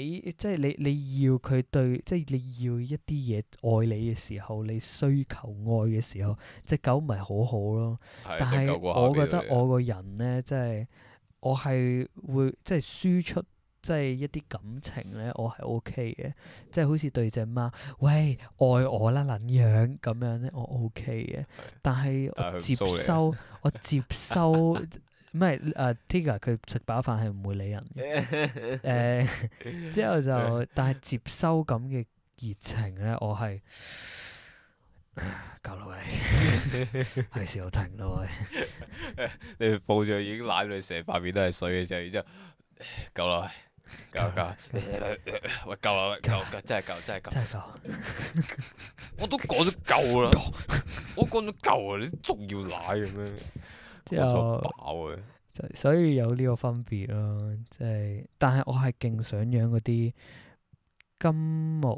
幾即係你你要佢對即係你要一啲嘢愛你嘅時候，你需求愛嘅時候，隻狗咪好好咯。的但係我覺得我個人咧的，即係我係會即係輸出即係一啲感情咧，我係 OK 嘅。即係好似對隻貓，喂愛我啦，撚樣咁樣咧，我 OK 嘅。的但係我接收，我接收。 唔係，誒 Tiger 佢食飽飯係唔會理人嘅。誒之後就，但係接收咁嘅熱情咧，我係夠耐，係時候停咯、 欸。你哋抱咗已經舐到你成塊面都係水嘅時候，然之後夠耐、欸，夠夠，夠，夠，喂夠啦，夠夠，真係夠，真係夠，真係夠。我都講咗夠啦，我都講咗夠啊，你仲要舐嘅咩？即係所以有呢個分別咯，即係但係我係勁想養嗰啲金毛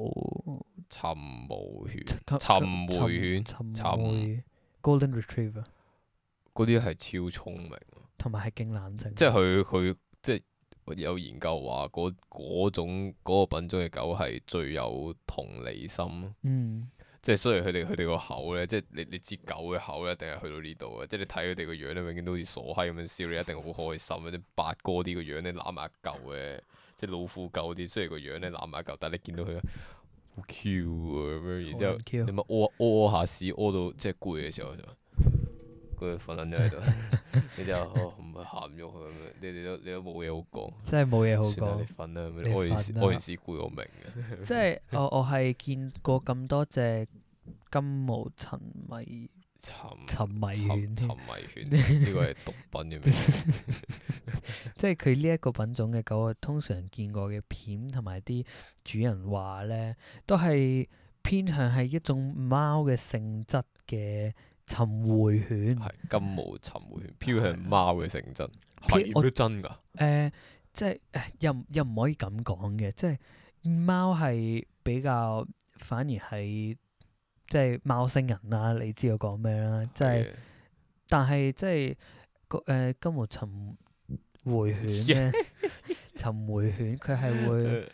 尋毛犬、尋回犬、尋回 Golden Retriever 嗰啲係超聰明，同埋係勁冷靜。即係佢佢即係有研究話，嗰嗰種嗰個品種嘅狗係最有同理心。嗯。即係雖然佢哋佢哋個口呢，即係你你知狗嘅口呢，一定係去到呢度嘅。即係你睇佢哋個樣呢，永遠都好似傻閪咁樣笑，你一定好開心嘅。啲八哥啲個樣呢，攬埋一嚿嘅，即係老虎狗啲雖然個樣呢攬埋一嚿，但係你見到佢好 cute 喎咁樣，然之後、oh, and 你咪屙屙下屎，屙到即係攰嘅時候就。佢瞓咗喺度，你就哦唔鹹喐佢，你都你都你都冇嘢好講，即係冇嘢好講。你瞓啦，愛愛人事故我明嘅。即係我我係見過咁多隻金毛沉迷沉迷沉，沉迷犬，呢個係毒品嚟。即係佢呢一個品種嘅狗，通常見過嘅片同埋啲主人話咧，都係偏向係一種貓嘅性質嘅。尋回犬係金毛尋回犬，飄向貓嘅象徵，係唔係都真噶？誒、呃，即係誒、呃，又又唔可以咁講嘅，即係貓係比較，反而係即係貓星人啦、啊。你知道我講咩啦？即係，的但係即係誒、呃、金毛尋回犬咧，尋 Yeah 回犬佢係會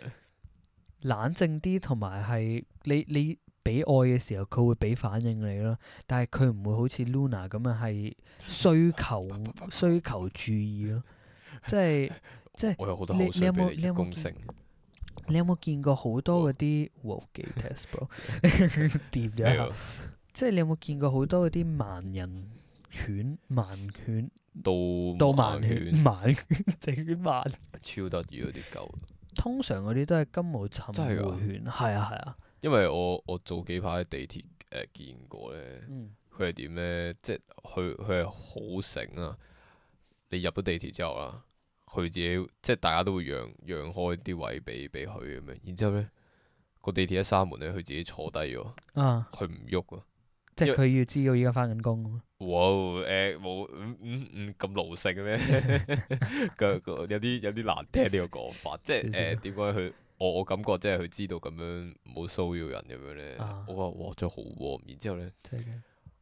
冷靜啲，同埋係你你。你你俾愛嘅時候，佢會俾反應你咯。但係佢唔會好似 Luna 咁啊，係需求需求注意咯。即係即係，你你有冇你有冇見過好多嗰啲 work test bro 點，即係你有冇見過好多嗰啲盲人犬、盲犬導盲犬、盲整盲超得意嗰啲狗。通常嗰啲都係金毛尋回犬，係啊係啊。因為我我早幾排地鐵誒見過咧，佢係點呢？即係佢佢係好醒啊！你入咗地鐵之後啦，佢自己即係大家都會讓讓開啲位俾俾佢咁樣。然之後呢，個地鐵一閂門咧，佢自己坐低咗，佢唔喐啊！即係佢要知道而家翻緊工。哇！誒冇唔唔唔咁奴性咩？有啲有啲難聽呢個講法，即係誒點講佢？我我感覺即係佢知道咁樣唔、啊、好騷擾人咁樣呢，我覺得哇真係好喎！然之後咧，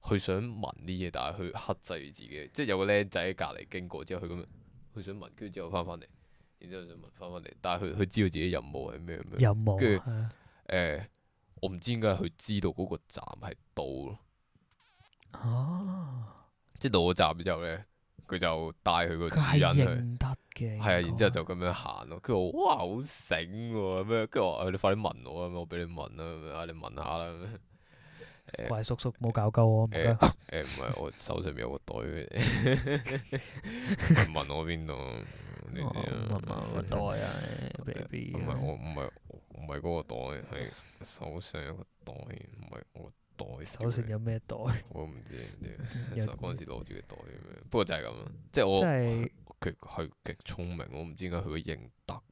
佢想聞啲嘢，但係佢克制自己，即係有個僆仔喺隔籬經過之後，佢咁樣，佢想聞，跟住之後翻返嚟，然之後，後想聞翻返嚟，但係佢佢知道自己任務係咩咁樣，任務，跟住誒，我唔知應該係佢知道嗰個站係到咯，啊、即係到個站之後呢。佢就帶佢個指引去，係啊，然之後就咁樣行咯。佢話：哇，好醒喎咁樣。佢話：你快啲問我啊，啦，我俾你問啊，你問下啦。怪叔叔冇搞鳩我唔得。唔係我手上面有個袋，問我邊度？問問個袋啊，B B。唔係我唔係唔係嗰個袋，係手上一個袋，唔係我袋。手上有咩袋？我唔知，其實嗰陣時攞住個袋。不過就係咁，即係我佢係極聰明，我唔知點解佢會認得。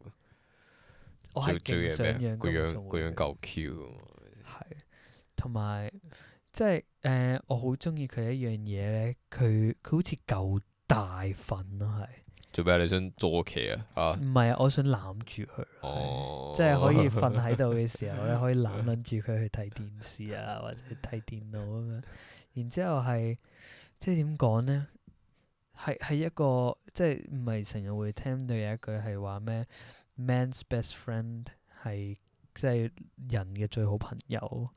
我係最想養嗰樣嗰樣夠 Q。係，同埋即係誒、呃，我好中意佢一樣嘢咧，佢佢好似夠大份咯，係。做咩？你想坐騎啊？唔、啊、係，我想攬住佢。即係可以瞓喺度嘅時候咧，可以攬緊住佢去睇電視啊，或者睇電腦咁樣。然之後係，即係點講咧？係係一個即係唔係成日會聽到有一句係話咩？Man's best friend 係即係人嘅最好朋友，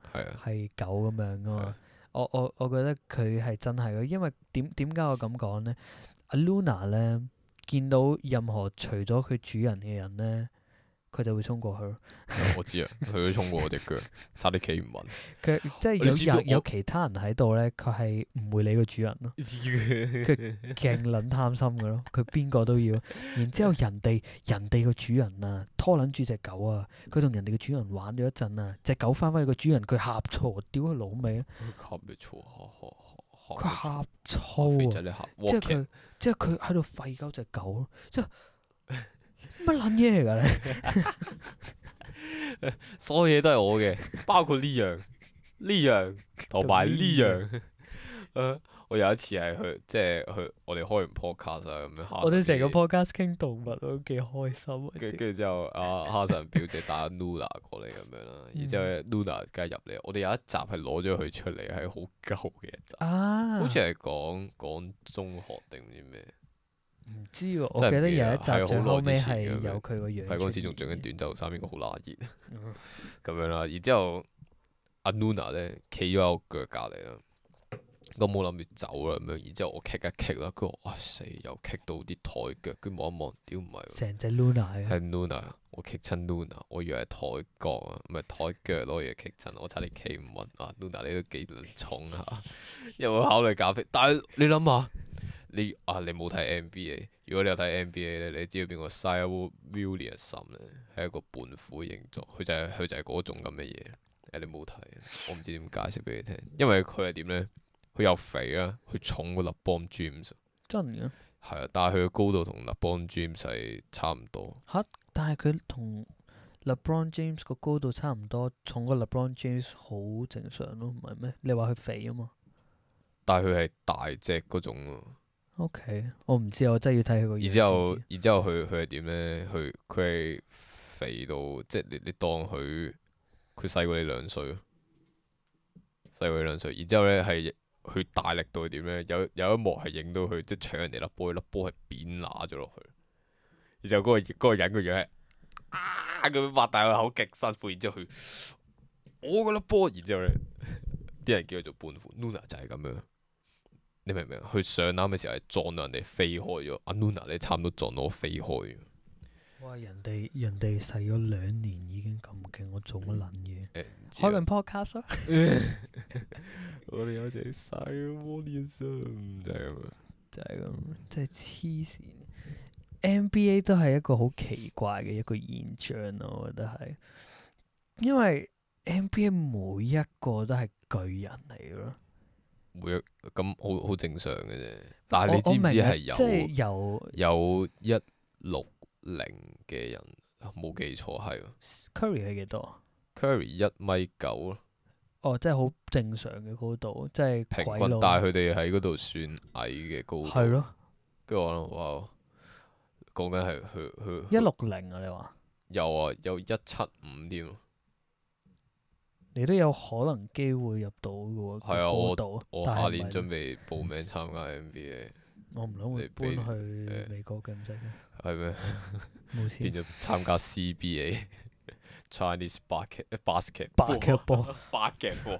係 狗咁樣噶嘛？ 我我我覺得佢係真係，因為點點解我咁講咧？阿 Luna 咧，見到任何除咗佢主人嘅人咧。佢就會衝過去咯。我知啊，佢會衝過我隻腳，差啲企唔穩。佢即係有有其他人喺度咧，佢係唔會理個主人咯。佢勁撚貪心嘅咯，佢邊個都要。然之後人哋人哋個主人啊，拖撚住隻狗啊，佢同人哋嘅主人玩咗一陣啊，隻狗翻返去個主人，佢呷醋，屌佢老味啊！呷醋啊？佢呷醋啊！即係佢，即係佢喺度吠狗隻狗咯，即係。乜撚嘢嚟，你所有嘢都係我嘅，包括呢、這、樣、個、呢樣同埋呢樣。我有一次係去，即係去我哋開完 podcast 咁樣。我哋成個 podcast 傾天動物，都幾開心。跟住之後，阿、啊、 哈森表姐帶 l u n a 過嚟咁樣啦，然之後 l u、嗯、n a 梗係入嚟。我哋有一集係攞咗佢出嚟，係好舊嘅一集。啊、好似係講講中學定唔知咩？唔知喎、啊，啊、我記得有一集最老尾係有佢個樣。係嗰時仲着緊短袖衫、啊，應該好乸熱，咁 樣啦、啊。然之後阿 Nuna 咧企咗喺我腳隔籬啦，都冇諗住走啦咁樣。然之後我剷一剷啦，佢話：哇、oh, 死！又剷、啊、到啲台腳。佢望一望，屌唔係。成隻 Anuna 係 Anuna 我剷親 Anuna，我以為台角啊，唔係台腳，攞嘢為剷親，我差啲企唔穩啊 Anuna 你都幾重啊？ 有冇考慮減肥？但係你諗下。 你啊，你冇睇 NBA。如果你有睇 NBA 咧，你知道邊個 Zion Williamson 咧，係一個胖虎形狀，佢就係佢就係嗰種咁嘅嘢。誒，你冇睇，我唔知點解釋俾你聽。因為佢係點咧？佢又肥啦，佢重過 LeBron James。Ames, 真嘅的？係啊，但係佢嘅高度同 LeBron James 係差唔多。嚇！但係佢同 LeBron James 個高度差唔多，重過 LeBron James 好正常咯，唔係咩？你話佢肥啊嘛？但係佢係大隻嗰種。O.K. 我唔知啊，我真係要睇佢個樣先知。然之後，然之後佢佢係點呢？佢佢係肥到，即係你你當佢佢細過你兩歲，細過你兩歲。然之後呢，係佢大力到點呢？有有一幕係影到佢即係搶人哋粒波，粒波係扁乸咗落去。然之後嗰個嗰個人個樣啊咁樣擘大個口，極辛苦。然之後佢我個粒波，然之後呢，啲人叫佢做胖虎。Nuna 就係咁樣。你明唔明？佢上籃嘅時候係撞到人哋飛開咗。阿 Nuna 你差唔多撞到我飛開。哇！人哋人哋細咗兩年已經咁勁，我做乜卵嘢？可能 podcast 我哋有陣細咗兩年，就係、是、咁，就係、是、咁，真係黐線。NBA 都係一個好奇怪嘅一個現象咯，我覺得係，因為 NBA 每一個都係巨人嚟咯。咁好好正常嘅啫，但係你知唔知係有、就是、有有一六零嘅人，冇記錯係。Curry 係幾多啊？Curry 一米九咯。哦，即係好正常嘅高度，即係平均，但係佢哋喺嗰度算矮嘅高度。係咯的，跟住我諗哇，講緊係佢佢一六零啊？你話有啊？有一七五添。你都有可能機會入到嘅喎，係啊。我下年準備報名參加 NBA，我唔諗會搬去美國嘅，唔使驚。係咩？冇事。變咗參加 CBA，Chinese basket basketball, basketball,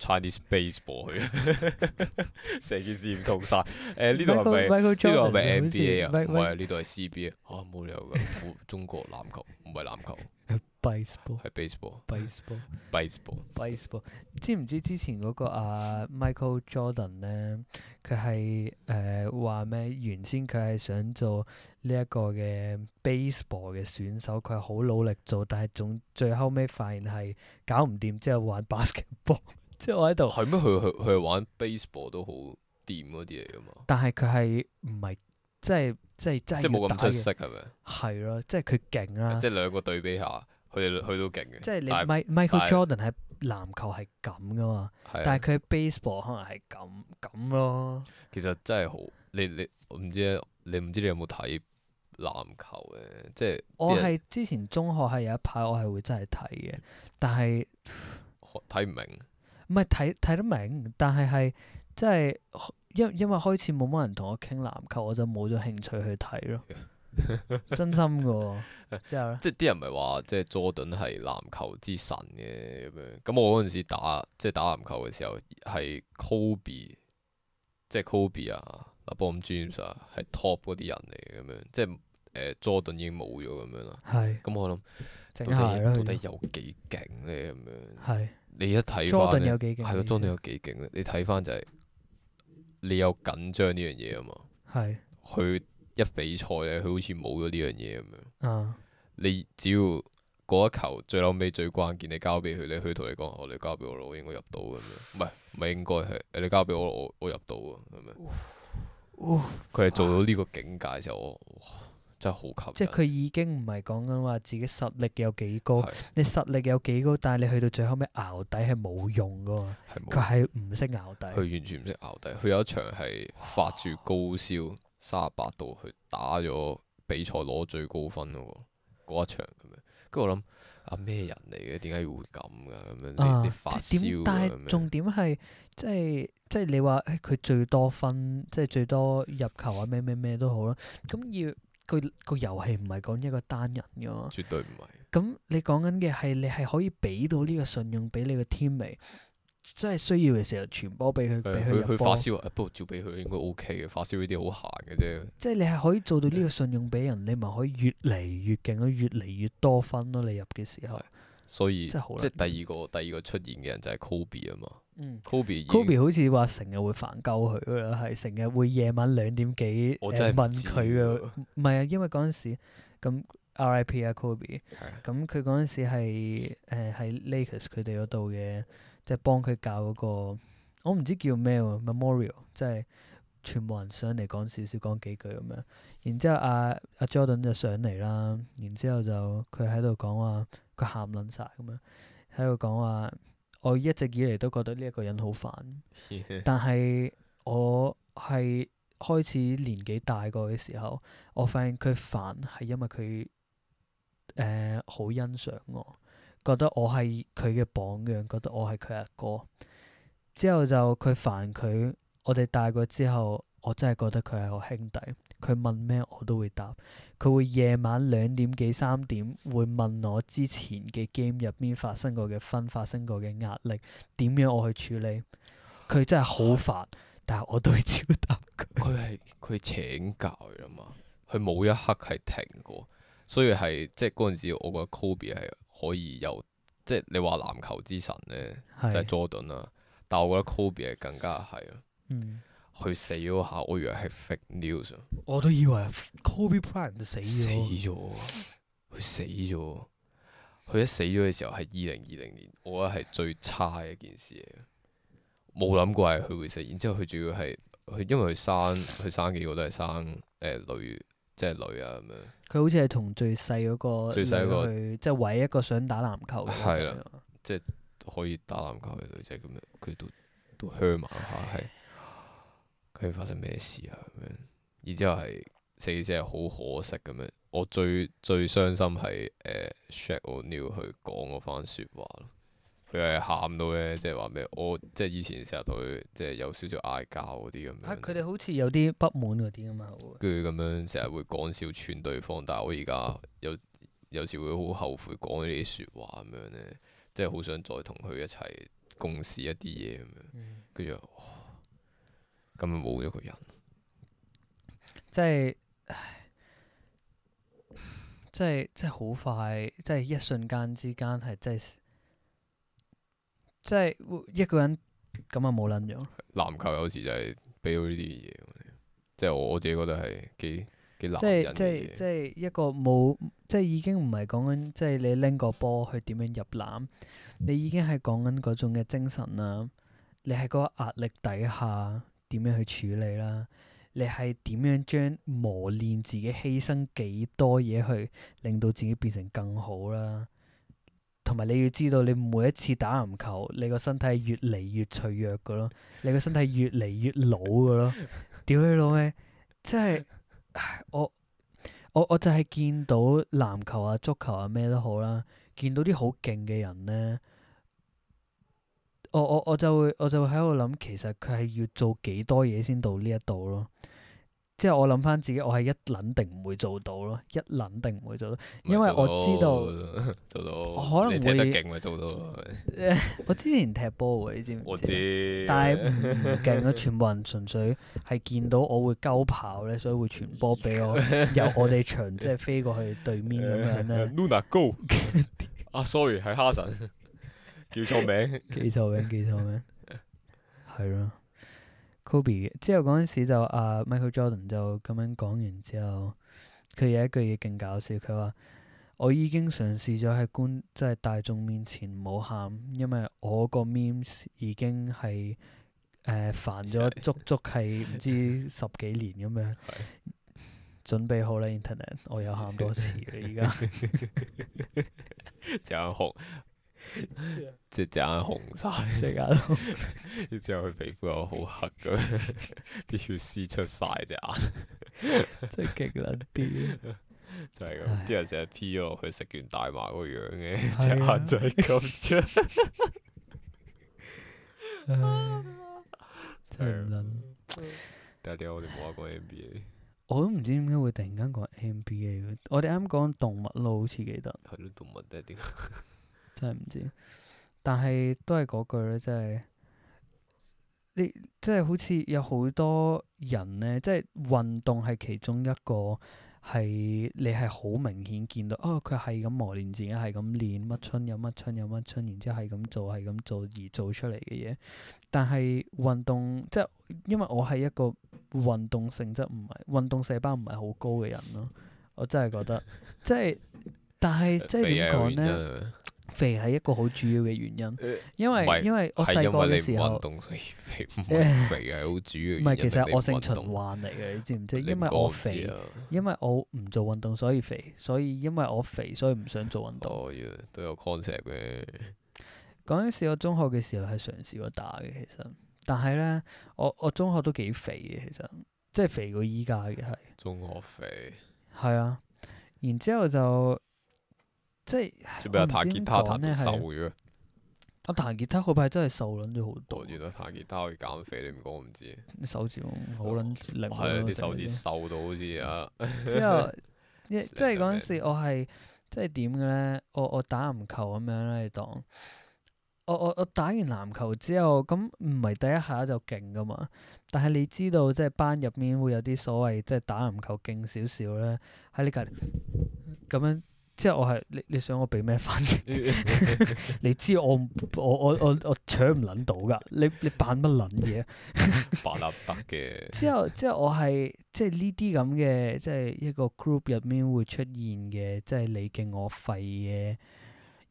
Chinese baseball。成件事唔同晒。誒，呢度係咪，呢度係咪 NBA 啊？唔係呢度係 CBA。嚇，冇理由嘅，中國籃球唔係籃球。baseball 係 baseball，baseball，baseball，baseball。Base ball，知唔知之前嗰個阿、啊、Michael Jordan 咧？佢係誒話咩？原先佢係想做呢一個嘅 baseball 嘅選手，佢係好努力做，但係總最後尾發現係搞唔掂，之、就、後、是、玩 basketball，即 係我喺度。係咩？佢佢佢玩 baseball 都好掂嗰啲嚟噶嘛？嗯、但係佢係唔係即係即係即係冇咁出色係咪？係咯的嗎、啊，即係佢勁啦。即係兩個對比下。佢去到勁嘅，即係你 Michael Jordan 係籃球係咁噶嘛？但係佢 baseball 可能係咁咁咯。其實真係好，你你唔知你唔知你有冇睇籃球嘅？即係我係之前中學係有一排我係會真係睇嘅，但係睇唔明。唔係睇睇得明，但係係即係因為因為開始冇乜人同我傾籃球，我就冇咗興趣去睇咯。 真心噶、哦，之即係啲人咪係話即係 Jordan 係籃球之神嘅咁樣，咁我嗰陣時打即係打籃球嘅時候係 Kobe，即係 Kobe 啊，LeBron James 啊，係 top 嗰啲人嚟嘅咁樣，即係誒、呃、Jordan 已經冇咗咁樣啦，咁是我諗到底到底有幾勁呢？咁樣，係是，你一睇 Jordan 係咯，Jordan 有幾勁咧，呢 你睇翻就係你有緊張呢樣嘢啊嘛，佢是。一比賽咧，佢好似冇咗呢樣嘢咁樣。你只要嗰一球最，最後尾最關鍵，你交俾佢，你可以同你講：我你交俾我啦，我應該入到咁樣。唔係，唔係應該係你交俾我，我我入到咁樣。佢係、哦、做到呢個境界嘅時候我，哇！真係好級。即係佢已經唔係講緊話自己實力有幾高，對 你實力有幾高，但係你去到最後尾熬底係冇用噶嘛？佢係唔識熬底。佢完全唔識熬底。佢有一場係發住高燒。哇 嗯三十八度去打咗比賽攞最高分咯，嗰一場咁、啊、樣，跟住我諗啊咩人嚟嘅？點解會咁噶？咁樣你發燒？但係重點係即係即係你話誒，佢、哎、最多分，即係最多入球啊，咩咩咩都好啦。咁要佢個遊戲唔係講一個單人噶嘛？絕對唔係。咁你講緊嘅係你係可以俾到呢個信用俾你個 teammate。即係需要嘅時候傳播俾佢，俾佢入。佢發燒，不過照俾佢應該 OK 嘅，發燒呢啲好閒嘅啫。即係你係可以做到呢個信用俾人，你咪可以越嚟越勁咯，越嚟越多分咯，你入嘅時候。所以即係第二個第二個出現嘅人就係 Kobe 啊嘛。Kobe 好似話成日會煩鳩佢噶啦，係成日會夜晚兩點幾問佢嘅。唔係啊，因為嗰陣時咁 RIP 啊 Kobe，咁佢嗰陣時係誒喺 Lakers 佢哋嗰度嘅。即係幫佢搞嗰個，我唔知叫咩喎，Memorial，即係全部人上嚟講少少，講幾句咁樣。然之後阿、啊、阿、啊、Jordan 就上嚟啦，然之後就佢喺度講話，佢喊撚晒咁樣，喺度講話，我一直以嚟都覺得呢一個人好煩， 但係我係開始年紀大個嘅時候，我發現佢煩係因為佢誒好欣賞我。覺得我係佢嘅榜樣，覺得我係佢阿哥。之後就佢煩佢，我哋大個之後，我真係覺得佢係我兄弟。佢問咩我都會答。佢會夜晚兩點幾三點會問我之前嘅 game 入面發生過嘅分，發生過嘅壓力點樣我去處理。佢真係好煩， 但係我都會照答佢。 佢係佢請教啊嘛，佢冇一刻係停過，所以係即係嗰陣時，我覺得 Kobe 係。可以有，即係你話籃球之神呢，是就係 Jordan 啦。但係我覺得 Kobe 係更加係咯，佢、嗯、死咗下，我以為係 fake news。我都以為 Kobe Bryant 死咗，死咗，佢死咗。佢一死咗嘅時候係二零二零年，我覺得係最差嘅一件事嚟嘅，冇諗過係佢會死。然之後佢主要係佢因為佢生佢生幾個都係生、呃、女。即係女啊咁樣，佢好似係同最細嗰個，最細一個，即係唯一一個想打籃球嘅女仔，了即係可以打籃球嘅女仔咁樣，佢都都香埋下，係佢唉發生咩事啊咁樣，然之後係死咗係好可惜咁樣，我最最傷心係誒 Shaq O'Neal 去講嗰番說話咯。佢係喊到咧，即係話咩？我即係以前成日同佢，即係有少少嗌交嗰啲咁樣。佢哋好似有啲不滿嗰啲啊嘛，跟住咁樣成日 會講笑串對方。但係我而家有有時會好後悔講呢啲説話咁樣咧，即係好想再同佢一齊共事一啲嘢咁樣。跟住，唉，咁就冇咗個人，即係，即係，即係好快，即係一瞬間之間係即係。即係一個人咁啊，冇撚咗。籃球有時就係俾到呢啲嘢，即係我自己覺得係幾幾男人嘅。即係即係即係一個冇，即係已經唔係講緊，即係你拎個波去點樣入籃，你已經係講緊嗰種嘅精神啦。你喺個壓力底下點樣去處理啦？你係點樣將磨練自己犧牲幾多嘢去令到自己變成更好啦？同埋你要知道，你每一次打籃球，你個身體越嚟越脆弱㗎咯，你個身體越嚟越老㗎咯。屌你老味，即係我我我就係見到籃球啊、足球啊咩都好啦，見到啲好勁嘅人咧，我我我就會我就會喺度諗，其實佢係要做幾多嘢先到呢一度咯。即係我諗翻自己，我係一諗定唔會做到咯，一諗定唔會做到，因為我知道做到，我可能會踢得勁咪做到咯。我之前踢波喎，你知唔知？我知，但係唔勁咯，全部人純粹係見到我會鳩跑咧，所以會傳波俾我由我哋場即係飛過去對面咁樣咧。啊，sorry，係 Hassan 叫錯名，記錯名，記錯名，係啦。Kobe 之後嗰陣時就阿、啊、Michael Jordan 就咁樣講完之後，佢有一句嘢勁搞笑，佢話：我已經嘗試咗喺觀即係大眾面前唔好喊，因為我個 memes 已經係誒、呃、煩咗足足係唔知十幾年咁樣。實準備好啦，Internet！我有喊多次啦，而家就學。 即係隻眼紅晒，隻 眼， 然之後佢皮膚又好黑嘅，啲血絲出晒隻眼，真係極難睇，就係、是、咁，啲人成日 P 咗落去食完大麻個樣嘅，隻唉眼就仔咁樣，真係唔得。第日 以我哋冇話講 NBA，我都唔知點解會突然間講 NBA。我哋啱講動物咯，好似記得。係啲動物定係點？真係唔知，但係都係嗰句咧，即係你即係好似有好多人咧，即係運動係其中一個係你係好明顯見到哦。佢係咁磨練自己，係咁練乜春有乜春有乜春，然之後係咁做係咁做而做出嚟嘅嘢。但係運動即係因為我係一個運動性質唔係運動細胞唔係好高嘅人咯，我真係覺得 即係，但係即係點講咧？肥係一個好主要嘅原因，因為是因為我細個嘅時候係因為你唔運動所以肥唔係肥係好主要 其實我性循環嚟嘅， 你知唔知？因為我肥，因為我唔做運動所以肥，所以因為我肥所以唔想做運動。哦，都有 concept 嘅、啊。嗰陣時我中學嘅時候係嘗試過打嘅，其實但係呢，我我中學都幾肥嘅，其實即係肥過依家嘅係。中學肥係啊，然之後就。即係，做咩彈吉他彈到瘦咗？阿彈吉他，好怕、啊、真係瘦撚咗好多。原來彈吉他可以減肥，你唔講我唔知。手指好撚零。啲手指瘦到好似啊！之後， 即係嗰陣時我，我係即係點嘅咧？我我打籃球咁樣咧，你當我我我打完籃球之後，咁唔係第一下就勁噶嘛？但係你知道，即係班入面會有啲所謂即係打籃球勁少少咧，喺你隔籬咁 樣。即係我係你你想我俾咩反應？你知我我我我我搶唔撚到㗎！你你扮乜撚嘢？白得嘅。之後之後我係即係呢啲咁嘅，即係一個 group 入面會出現嘅，即係你勁我廢嘅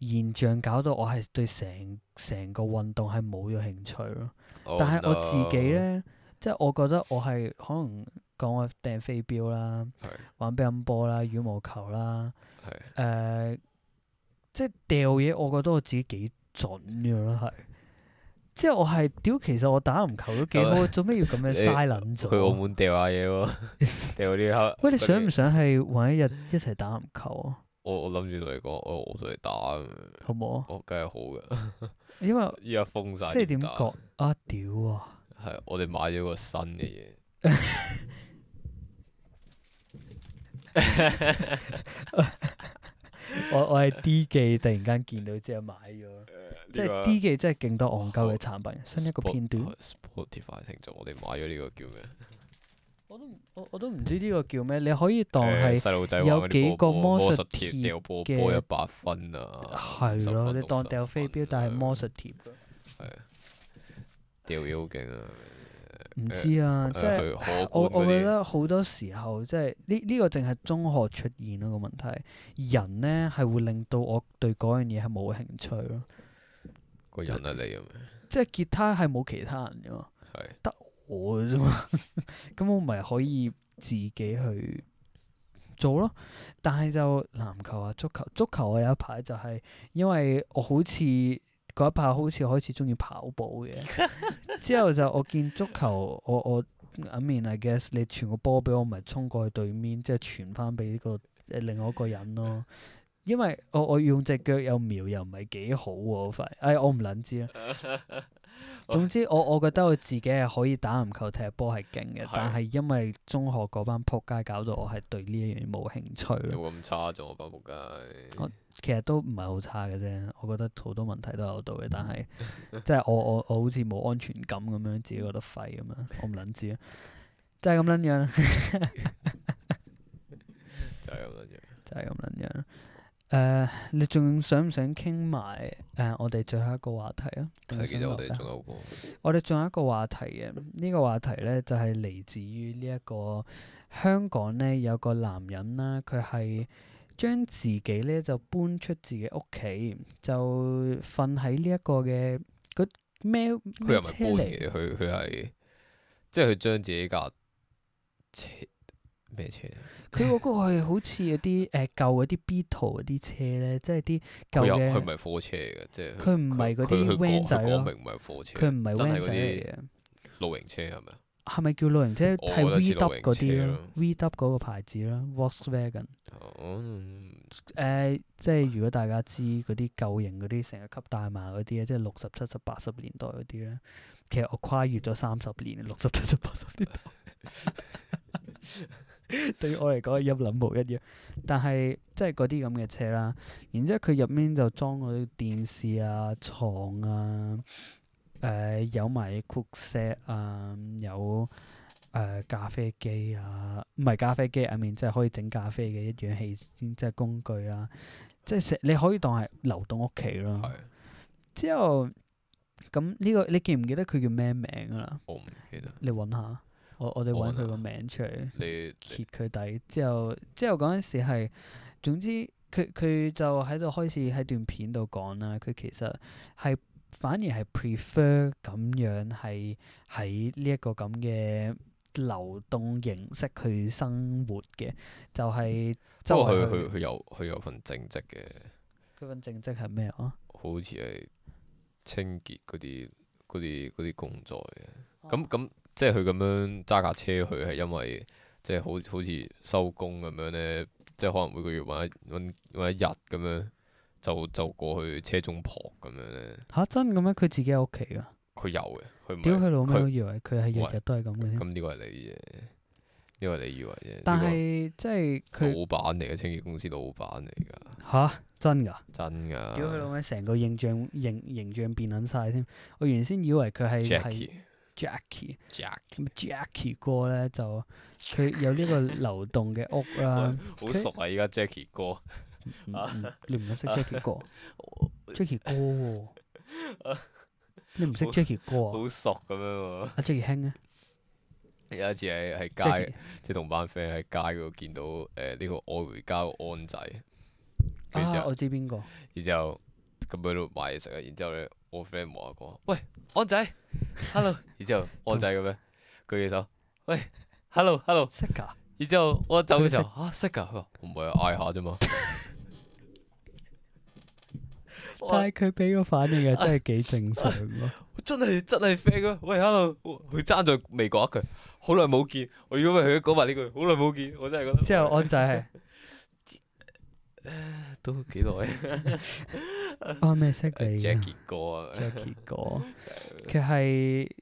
現象，搞到我係對成成個運動係冇咗興趣咯。Oh，但係我自己咧，no. 即係我覺得我係可能。講我掟飛鏢啦，對玩乒乓波啦，羽毛球啦，誒對、呃，即係掉嘢，我覺得我自己幾準嘅咯，係，即係我係屌，其實我打籃球都幾好，做咩要咁樣嘥捻咗？去澳門掉下嘢咯，掉啲吓。 喂，你想唔想係玩一日一齊打籃球啊？ 我我諗住同你講，哎，我我就嚟打好唔好啊？我梗係好嘅，因為依家封晒，即係點講啊？屌啊！係我哋買咗個新嘅嘢。 我我係 D 記突然間見到之後、嗯、即係買咗，即係 D 記真係勁多戇鳩嘅產品。新、哦、一個片段、哦、Spotify 聽眾，我哋買咗呢個叫咩？我都我我都唔知呢個叫咩？嗯、你可以當係有幾個魔術貼嘅。係咯、欸，分你當掉飛鏢，了但係魔術貼。係啊，掉得好勁啊！唔知啊，即係我、嗯、我覺得好多時候、嗯、即係呢呢個淨係、這個、中學出現咯個問題，人呢係會令到我對嗰樣嘢係冇興趣咯。個人係，你咁樣，即係吉他係冇其他人嘅嘛，得的我啫嘛，咁、 嗯、我咪可以自己去做咯。但係就籃球啊、足球，足球我有一排就係、是、因為我好似。嗰一排好似開始中意跑步嘅， 之後就我見足球，我我 I mean I guess 你傳個波俾我，咪衝過去對面，即係傳翻俾個即另外一個人咯。因為我我用隻腳又瞄又唔係幾好喎，我發哎我唔撚知啦。 總之我我覺得我自己係可以打籃球，踢球、踢波係勁嘅，但係因為中學嗰班扑街搞到我係對呢樣冇興趣。冇咁差咋我班扑街，我其實都唔係好差嘅啫。我覺得好多問題都有到嘅，但係即係我我我好似冇安全感咁樣，自己覺得廢咁 樣，我唔捻知啊，就係咁捻樣， 就係咁捻樣，就係咁捻樣。誒，uh, 你仲想唔想傾埋誒？Uh, 我哋最後一個話題啊！我哋仲有個，我哋仲有一個話題嘅。呢、呢個話題呢，就係嚟自於呢一個香港呢有個男人啦，佢係將自己呢就搬出自己屋企，就瞓喺呢一個嘅嗰咩？佢又唔係搬嚟嘅，佢佢係即係佢將自己架咩車？佢嗰個係好似嗰啲誒舊嗰啲 Beatle 嗰啲車咧，即係啲舊嘅。佢有佢唔係貨車嘅，即係佢唔係嗰啲 van 仔咯。佢唔係 van 仔嚟嘅。露營車係咪啊？係咪叫露營車？係 VW 嗰啲咯，VW 嗰個牌子啦，Volkswagen。哦、嗯。誒、呃，即係如果大家知嗰啲舊型嗰啲成日吸大麻嗰啲咧，即係六十七、十八十年代嗰啲咧，其實我跨越咗三十年，六十七、十八十年代。 對我嚟講係一林木一樣，但係即係嗰啲咁嘅車啦，然之後佢入面就裝啲電視啊、床啊，誒、呃、有埋 cookset 啊，有誒、呃、咖啡機啊，唔係咖啡機，入面即係可以整咖啡嘅一啲樣器，即係工具啊。即係食你可以當係流動屋企咯。的之後咁呢個你記唔記得佢叫咩名㗎喇？我唔記得。你搵下。我我哋揾佢個名出嚟，你揭佢底你之後，之後嗰陣時係總之，佢佢就喺度開始喺段片度講啦。佢其實係反而係 prefer 咁樣係喺呢一個咁嘅流動形式去生活嘅，就係不過佢佢佢有佢有份正職嘅，佢份正職係咩啊？好似係清潔嗰啲嗰啲嗰啲工作嘅，咁咁。即係佢咁樣揸架車去，係因為即係好好似收工咁樣呢，即係可能每個月揾一搵一日咁樣，就就過去車中婆咁樣呢。吓、啊、真咁樣？佢自己喺屋企噶？佢有嘅，佢屌佢老母，我以為佢係日日都係咁嘅。咁呢個係你嘅，呢個係你以為啫。但係即係佢老闆嚟嘅，清潔公司老闆嚟噶。吓，真噶？真噶？屌佢老母，成個形象形形象變撚晒添。我原先以為佢係 Jackie。Jackie Jackie Jackie 哥咧，就佢有呢個流動嘅屋啦、啊，好 熟啊！依家她 Jackie 哥，嗯嗯嗯、你唔識 Jackie 哥 Jackie 哥，你唔識 Jackie 哥 啊？好熟咁樣喎，阿 Jackie 兄咧，有一次喺喺街即係同班 friend 喺街嗰度見到誒呢個愛回家安仔，啊，我知邊個，啊啊、然後。咁喺度買嘢食啊，然之後咧我 friend 話講，喂安仔，hello，然之後安仔咁樣舉起手，喂，hello，hello，識噶，然之後我走嘅時候，吓識噶，佢話唔係嗌下啫嘛，但係佢俾個反應嘅真係幾正常咯，真係真係 friend 咯，喂 hello，佢爭在未講一句，好耐冇見，如果佢講埋呢句，好耐冇見，我真係覺得。之後安仔係。都幾耐啊！咩識你。Jackie 哥，Jackie 哥，佢係哥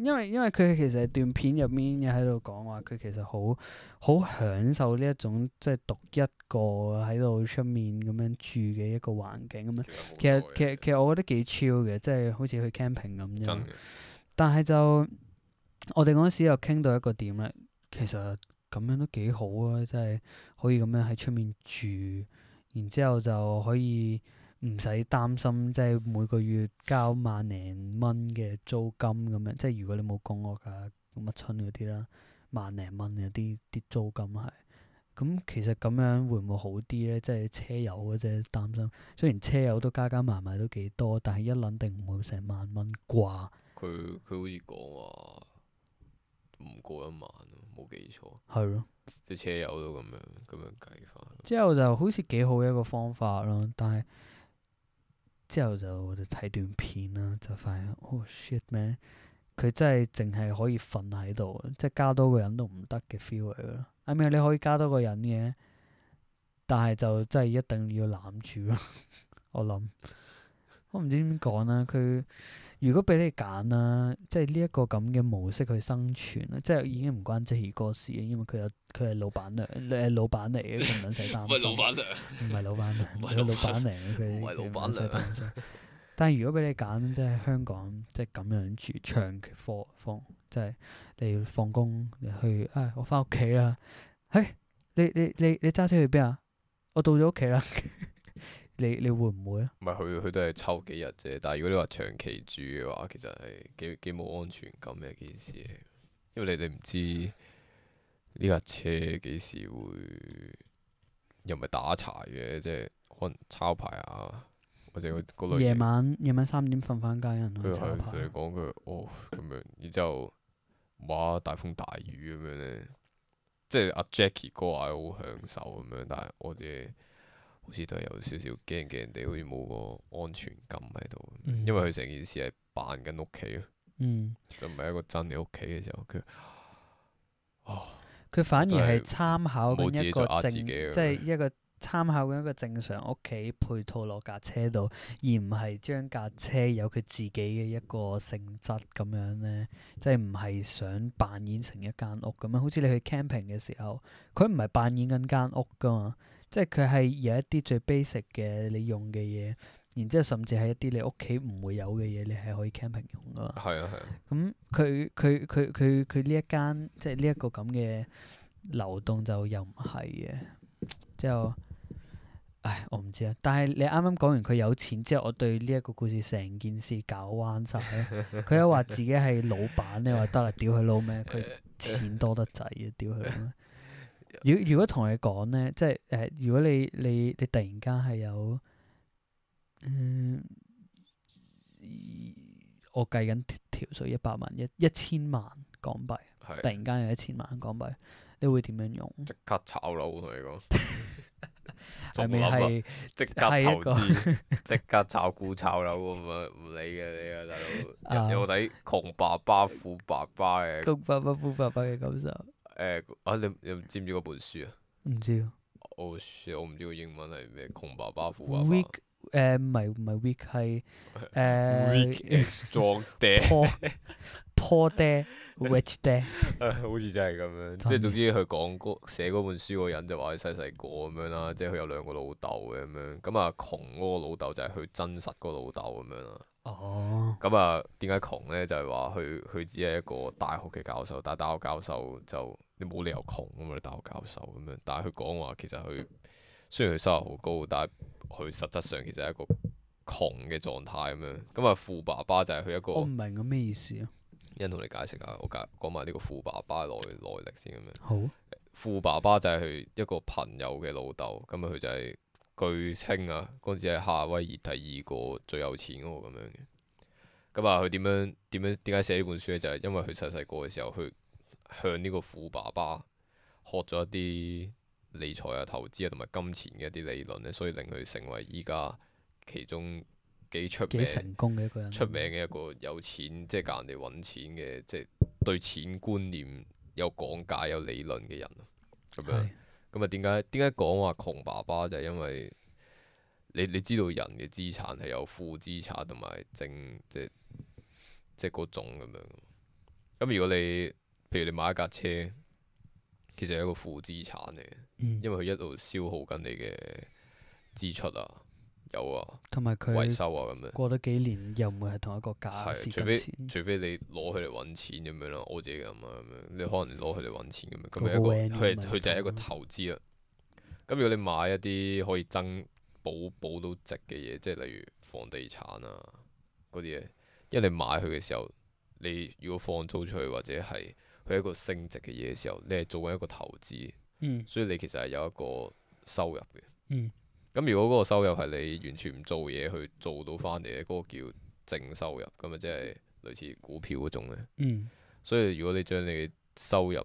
因為因為佢其實係段片入面嘅喺度講話，佢其實好好享受呢一種即係獨一個喺度出面咁樣住嘅一個環境咁樣。其實其實其實我覺得幾超嘅，即係好似去 camping 咁樣。的但係就我哋嗰時又傾到一個點咧，其實咁樣都幾好啊！即係可以咁樣喺出面住。然之後就可以唔使擔心，即係每個月交萬零蚊嘅租金咁樣。即係如果你冇供屋啊乜春嗰啲啦，萬零蚊嘅啲啲租金係。咁其實咁樣會唔會好啲咧？即係車友嗰隻，擔心。雖然車友都加加埋埋都幾多，但係一撚定唔會成萬蚊掛。佢佢好似講話唔過一萬。冇記錯，係咯，即車友都咁樣咁樣計法。之後就好似幾好嘅一個方法咯，但係之後就睇段片啦，就發現哦、oh、shit 咩？佢真係淨係可以瞓喺度，即加多個人都唔得嘅 feel 嚟。啱 I 啱 mean，你可以加多個人嘅，但係就真係一定要攬住咯。我諗 我唔知點講啦，佢。如果俾你揀啦，即係呢一個咁嘅模式去生存啦，即係已經唔關即係歌事。因為佢有佢係老闆娘，誒 老闆嚟嘅，唔使擔心。喂， 老闆娘？唔係老闆娘，唔係 老闆娘，佢。唔係老闆娘。 但係如果俾你揀，即係香港，即係咁樣住，長期放放，即係你放工，你去啊，我翻屋企啦。嘿、哎，你你你你揸車去邊啊？我到咗屋企啦。 你你會唔會啊？唔係佢佢都係抽幾日啫，但係如果你話長期住嘅話，其實係幾幾冇安全感嘅一件事，因為你你唔知呢架車幾時會又唔係打柴嘅，即係可能抄牌啊，或者嗰類夜晚夜晚三點瞓翻街人。人去抄牌。佢同你講佢哦咁樣，然之後哇大風大雨咁樣咧，即係阿 Jackie 哥話好享受咁樣，但係我自己。好似都有少少驚驚地，好似冇個安全感喺度，嗯、因為佢成件事係扮緊屋企咯，嗯、就唔係一個真嘅屋企嘅時候。佢，哦、啊，佢反而係參考緊一個正，即係一個參考緊一個正常屋企配套落架車度，而唔係將架車有佢自己嘅一個性質咁樣咧，即係唔係想扮演成一間屋咁樣。好似你去 camping 嘅時候，佢唔係扮演緊間屋噶嘛。即係佢係有一啲最 basic 嘅你用嘅嘢，然之後甚至係一啲你屋企唔會有嘅嘢，你係可以 camping 用噶嘛？咁佢佢佢佢佢呢一間即係呢一個咁嘅流動就又唔係嘅，之後唉我唔知啦。但係你啱啱講完佢有錢之後，我對呢一個故事成件事搞彎晒。佢又話自己係老闆，你話得啦，屌佢老咩？佢錢多得滯啊，屌佢！如如果同你講咧，即係誒，如果你你你突然間係有，嗯，我計緊條數一百萬一，一一千萬港幣，是突然間有一千萬港幣，你會點樣用？即刻炒樓佢講，仲諗啊？即刻投資，即是一 刻炒股炒樓，咁樣唔理嘅你啊，大佬！我睇、uh，窮爸爸富爸爸嘅窮 爸爸富爸爸嘅感受。誒啊！你你知唔知嗰本書啊？唔知啊。Oh, 我唔知，我唔知個英文係咩。窮爸爸富爸爸。Weak 誒唔係唔係 weak 係、呃、Weak is strong 爹。Poor 爹，rich 爹。 好似真係咁樣，樣，即係總之佢講嗰寫嗰本書嗰人就話佢細細個咁樣啦，即係佢有兩個老豆嘅咁樣，咁啊窮嗰個老豆就係佢真實個老豆咁樣啦。哦，咁啊，點解窮呢？就係話佢佢只係一個大學嘅教授，但係大學教授就你冇理由窮噶嘛，大學教授咁樣。但係佢講話其實佢雖然佢收入好高，但係佢實質上其實係一個窮嘅狀態咁樣。咁啊，富爸爸就係佢一個我唔明嘅咩意思啊？一陣同你解釋下，我講講埋呢個富爸爸內內力先咁樣。好，富爸爸就係佢一個朋友嘅老豆，咁啊佢就係、是。據稱啊，嗰陣時喺夏威夷第二個最有錢嗰個咁樣嘅，咁啊佢點樣點樣點解寫呢本書呢？就係、是、因為佢細細個嘅時候，佢向呢個富爸爸學咗一啲理財啊、投資啊同埋金錢嘅一啲理論呢，所以令佢成為依家其中幾出名嘅一個人，出名嘅一個有錢即係教人哋揾錢嘅，即、就、係、是、對錢觀念有講解、有理論嘅人咯，咁樣。咁啊，點解點解講話窮爸爸就係、是、因為你你知道人嘅資產係有負資產同埋正即係即係嗰種咁樣。咁、嗯、如果你譬如你買一架車，其實係一個負資產嚟嘅，因為佢一路消耗緊你嘅支出啊。有啊，有維修啊咁樣，過咗幾年又唔會係同一個價，係啊。除非錢除非你攞佢嚟揾錢咁樣咯，我自己咁啊咁樣，你可能攞佢嚟揾錢咁樣，咁一個佢個就係一個投資啦。咁、啊、如果你買一啲可以增保保到值嘅嘢，即係例如房地產啊嗰啲嘢，因為你買佢嘅時候，你如果放租出去或者係佢一個升值嘅嘢嘅時候，你係做緊一個投資，嗯、所以你其實係有一個收入嘅。嗯咁如果嗰個收入係你完全唔做嘢去做到翻嚟嘅，嗰個叫淨收入，咁啊即係類似股票嗰種咧。嗯，所以如果你將你收入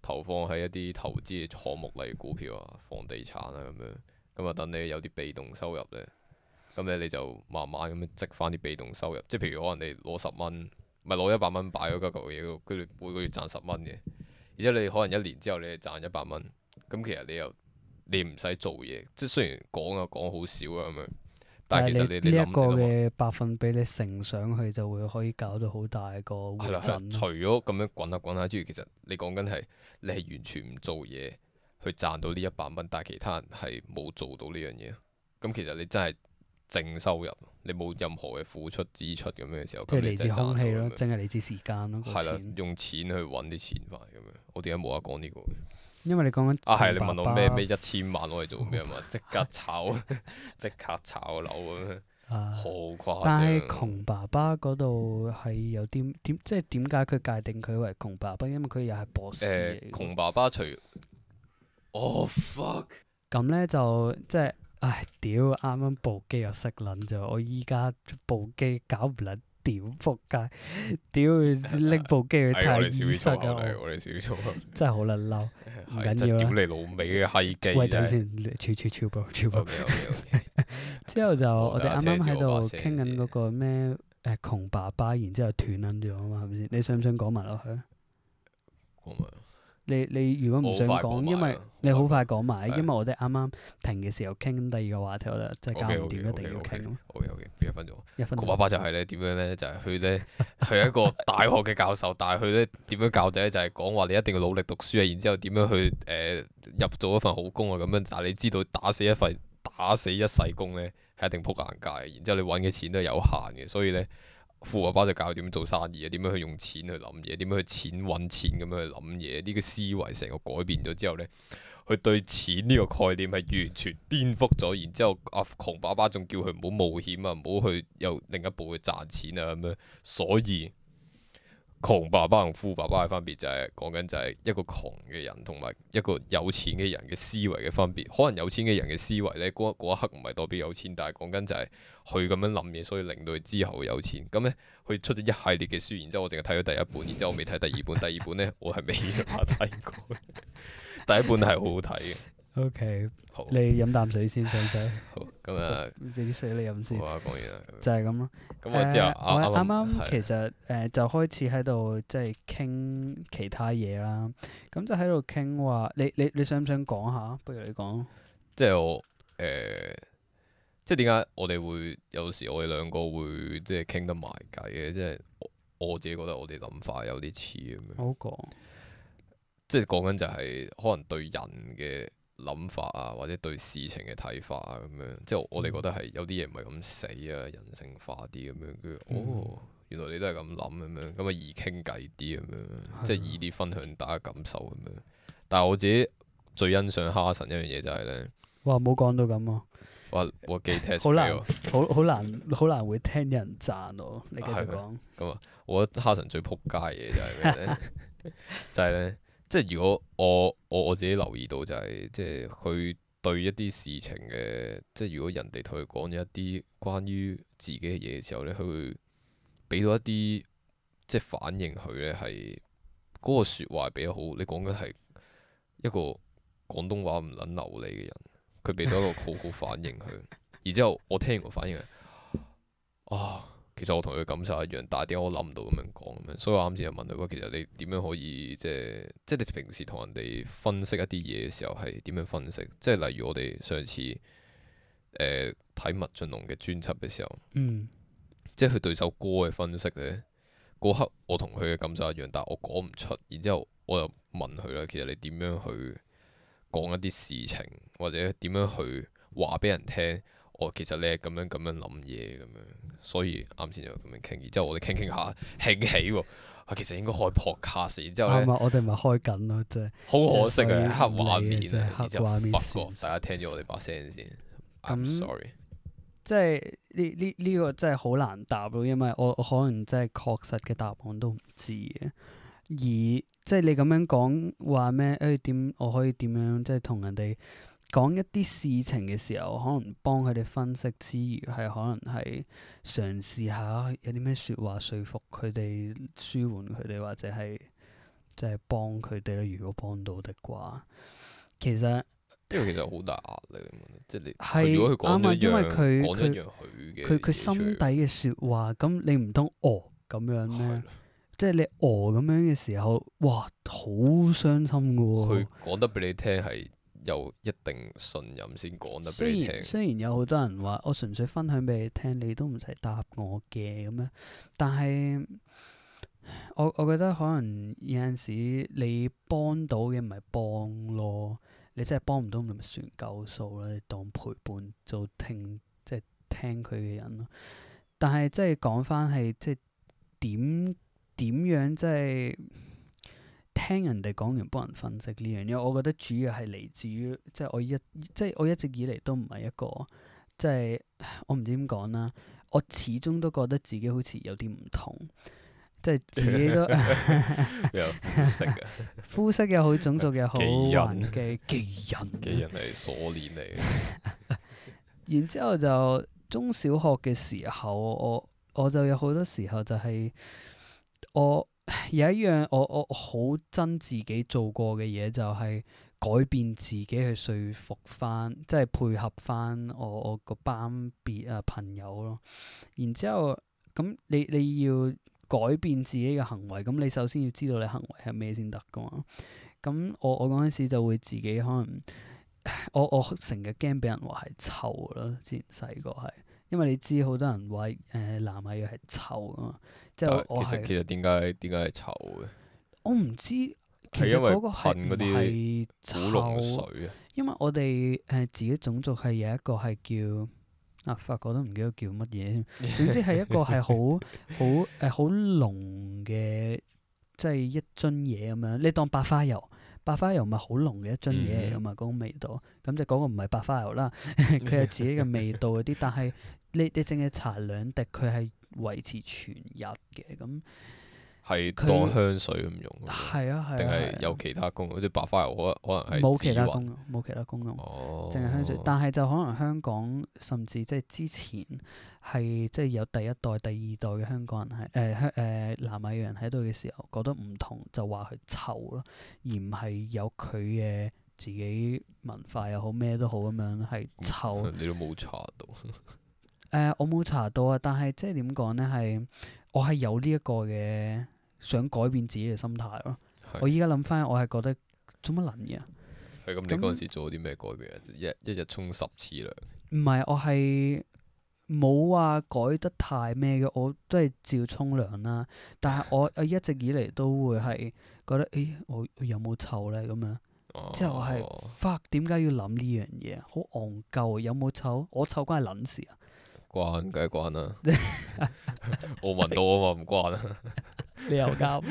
投放喺一啲投資嘅項目，例如股票啊、房地產啊咁樣，咁啊等你有啲被動收入咧，咁咧你就慢慢咁樣積翻啲被動收入。即係譬如可能你攞十蚊，唔係攞一百蚊擺喺嗰嚿嘢度，佢每個月賺十蚊嘅，而且你可能一年之後你係賺一百蚊，咁其實你又～你唔使做嘢，即係雖然講啊講好少啊咁樣，但其實你呢一個嘅百分比，你乘上去就會可以搞到好大個、啊。係啦，除咗咁樣滾下滾下之，之餘其實你講緊係你係完全唔做嘢去賺到呢一百蚊，但係其他人係冇做到呢樣嘢。咁、嗯、其實你真係淨收入，你冇任何嘅付出支出咁樣嘅時候，即係嚟自空氣咯，淨係嚟自時間咯、啊。係啦了，錢用錢去揾啲錢快咁樣，我點解冇得講呢個？因為你講緊啊係你問我咩俾一千萬我嚟做咩啊嘛即刻炒即刻炒樓咁樣好誇張、啊、但係窮爸爸嗰度係有啲點即係點解佢界定佢為窮爸爸？因為佢又係博士。誒、呃，窮爸爸除哦、oh, fuck 咁咧就即係唉屌！啱啱部機又熄捻咗，我依家部機搞唔捻，屌仆街！屌拎部機去睇醫生！我哋少做，我哋少做，真係好捻嬲。唔緊要啦，屌你老味嘅閪機喂，等先，超超超報處報。之後就 我哋啱啱喺度傾緊嗰個咩誒，窮爸爸，然之後斷緊咗斷撚咗啊嘛，係咪先？你想唔想講埋落去？講埋。 你你如果唔想講，因為你好快講埋，因為我哋啱啱停嘅時候傾第二個話題，我哋的即係教唔掂一定要傾。好嘅好嘅，幾多分鐘？一分鐘。窮爸爸就係咧點樣咧？就係佢咧，佢 係一個大學嘅教授，但係佢咧點樣教仔咧？就係講話你一定要努力讀書啊！然之後點樣去誒、呃、入做一份好工啊，咁樣，但係你知道打死一份打死一世工咧係一定撲硬街，然之後你揾嘅錢都係有限嘅，所以咧。富爸爸就教佢點樣做生意啊，點樣去用錢去諗嘢，點樣去錢揾錢咁樣去諗嘢，呢個思維成個改變咗之後呢，佢對錢呢個概念係完全顛覆咗。然之後阿窮爸爸仲叫佢唔好冒險啊，唔好去又另一步去賺錢啊咁樣，所以。窮爸爸同富爸爸嘅分別就係講緊就係一個窮嘅人同埋一個有錢嘅人嘅思維嘅分別。可能有錢嘅人嘅思維呢，嗰一刻唔係代表有錢，但係講緊就係佢咁樣諗嘢，所以令到佢之後有錢。咁呢，佢出咗一系列嘅書，然之後我淨係睇咗第一本，然之後我未睇第二本。第二本呢，我係未睇過， 第一本係好好睇嘅。O.K.，你飲啖水先，上水。好，咁啊，俾水你飲先。好啊，講完就係咁咯。咁我之後，啱啱其實誒就開始喺度即係傾其他嘢啦。咁就喺度傾話，你你你想唔想講下？不如你講。即係我誒，即係點解我哋會有時我哋兩個會即係傾得埋偈嘅？即係我自己覺得我哋諗法有啲似咁樣。好講。即係講緊就係可能對人嘅。諗法啊，或者對事情嘅睇法啊，咁樣，即係我哋覺得係有啲嘢唔係咁死啊，人性化啲咁樣。跟住，嗯、哦，原來你都係咁諗咁樣、啊，咁啊易傾偈啲咁樣，即係易啲分享大家感受咁、啊、樣。嗯、但係我自己最欣賞哈神一、就係、樣嘢就係呢：哇「哇冇講到咁喎，哇我幾 test 好難，好好難，好難會聽人讚喎。你繼續講。咁啊，嗯、 我覺得哈神最撲街嘅就係咩就係呢。 即係如果我我我自己留意到就係，是，即係佢對一啲事情嘅，即係如果人哋同佢講咗一啲關於自己嘅嘢嘅時候咧，佢會俾到一啲即係反應佢咧，係嗰個説話比較好。你講緊係一個廣東話唔撚流利嘅人，佢俾到一個好好反應佢。然 之後我聽完個反應係啊。其實我同佢感受一樣，但係點解我諗唔到咁樣講咁樣，所以我啱先就問佢，喂，其實你點樣可以即係即係你平時同人哋分析一啲嘢嘅時候係點樣分析？即係例如我哋上次睇、呃、麥浚龍嘅專輯嘅時候，嗯、即係佢對首歌嘅分析呢。嗰刻我同佢嘅感受一樣，但係我講唔出。然之後我又問佢啦，其實你點樣去講一啲事情，或者點樣去話俾人聽？我、哦、其實咧咁樣咁樣諗嘢咁樣，所以啱先就咁樣傾。然之後我哋傾傾下興起喎，其實應該開 podcast。然之後咧，我哋咪開緊咯，真係好可惜啊！黑畫面啊！黑畫面。畫面算唔算。大家聽咗我哋把聲先。咁、嗯，I'm sorry。即係呢呢呢個真係好難答咯，因為我我可能真係確實嘅答案都唔知嘅。而即係你咁樣講話咩？誒點、哎、我可以點樣即係同人哋？講一啲事情嘅時候，可能幫佢哋分析之餘，係可能係嘗試下有啲咩說話說服佢哋，舒緩佢哋，或者係即係幫佢哋啦。如果幫到的話，其實呢個其實好大壓力，是即係你係啱啊，因為佢佢佢心底嘅說話，咁你唔通哦咁樣咩？即係是的 你哦咁樣嘅時候，哇，好傷心噶喎！佢講得俾你聽係。有一定信任先講得俾你聽。雖然雖然有好多人話，我純粹分享俾你聽，你都唔使答我嘅咁樣。但係我我覺得可能有陣時你幫到嘅咪幫咯，你真係幫唔到，你咪算夠數啦，你當陪伴做聽即係聽佢嘅人咯。但係即係講翻係即係點點樣,樣即係。聽人哋講完幫人分析呢樣嘢，我覺得主要係嚟自於，即係我一，即係我一直以嚟都唔係一個，即係我唔知點講啦。我始終都覺得自己好似有啲唔同，即係自己都膚 色嘅 膚色又好種族又好 因人嘅基因嘅人係鎖鏈嚟。 然之後就中小學嘅時候，我我就有好多時候就係我。有一樣我我好憎自己做過嘅嘢，就係改變自己去説服返，即係配合返我我個班別啊朋友咯。然之後咁你你要改變自己嘅行為，咁你首先要知道你行為係咩先得㗎嘛。咁我我嗰陣時就會自己可能，我我成日驚俾人話係臭啦，之前細個係。因為你知好多人話誒、呃、南米嘅係臭啊嘛，即、就、係、是、我係其實其實點解點解係臭嘅？我唔知其實嗰個係係臭水啊！因為我哋誒、呃、自己種族係有一個係叫啊法國都唔記得叫乜嘢，總之係一個係 好好誒好濃嘅，即、就、係、是、一樽嘢咁樣。你當百花油，百花油咪好濃嘅一樽嘢咁嘛。嗰種、嗯、味道。咁就嗰個唔係百花油啦，佢 有自己嘅味道嗰啲，但係。呢啲淨係擦兩滴，佢係維持全日嘅咁，係當香水咁用。係啊係，定係、啊、有其他功用？啲、嗯、白花油可能可能冇其他功能。冇其他功用，淨係、哦、香水。但係就可能香港甚至即係之前係即係有第一代、第二代嘅香港人係誒香誒南亞人喺度嘅時候，覺得唔同就話佢臭咯，而唔係有佢嘅自己文化又好咩都好咁樣係臭。嗯、你都冇查到？誒、呃，我冇查到啊，但係即係點講咧？係我係有呢一個嘅想改變自己嘅心態咯的。我依家諗翻，我係覺得做乜撚嘢啊？係咁，你嗰陣時做咗啲咩改變啊？一一日沖十次涼？唔係，我係冇話改得太咩嘅，我都係照沖涼啦。但係我一直以嚟都會係覺得，誒、 哎，我有冇臭咧？咁樣之後我係發點解要諗呢樣嘢？好戇鳩，有冇臭？我臭關你撚事啊？關梗係關啦，澳門多啊嘛，唔關啊。你又教？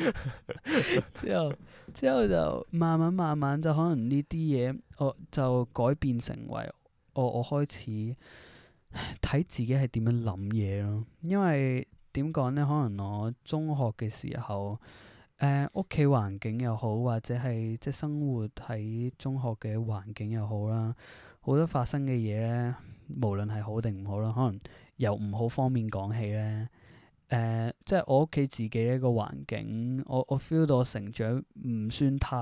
之後之後就慢慢慢慢就可能呢啲嘢，我就改變成為我我開始睇自己係點樣諗嘢咯。因為點講咧？可能我中學嘅時候，誒，屋企環境又好，或者係即係生活喺中學嘅環境又好啦，好多發生嘅嘢咧。無論係好定唔好啦，可能由唔好方面講起咧，誒、呃，即係我屋企自己一個環境，我我 feel 到我成長唔算太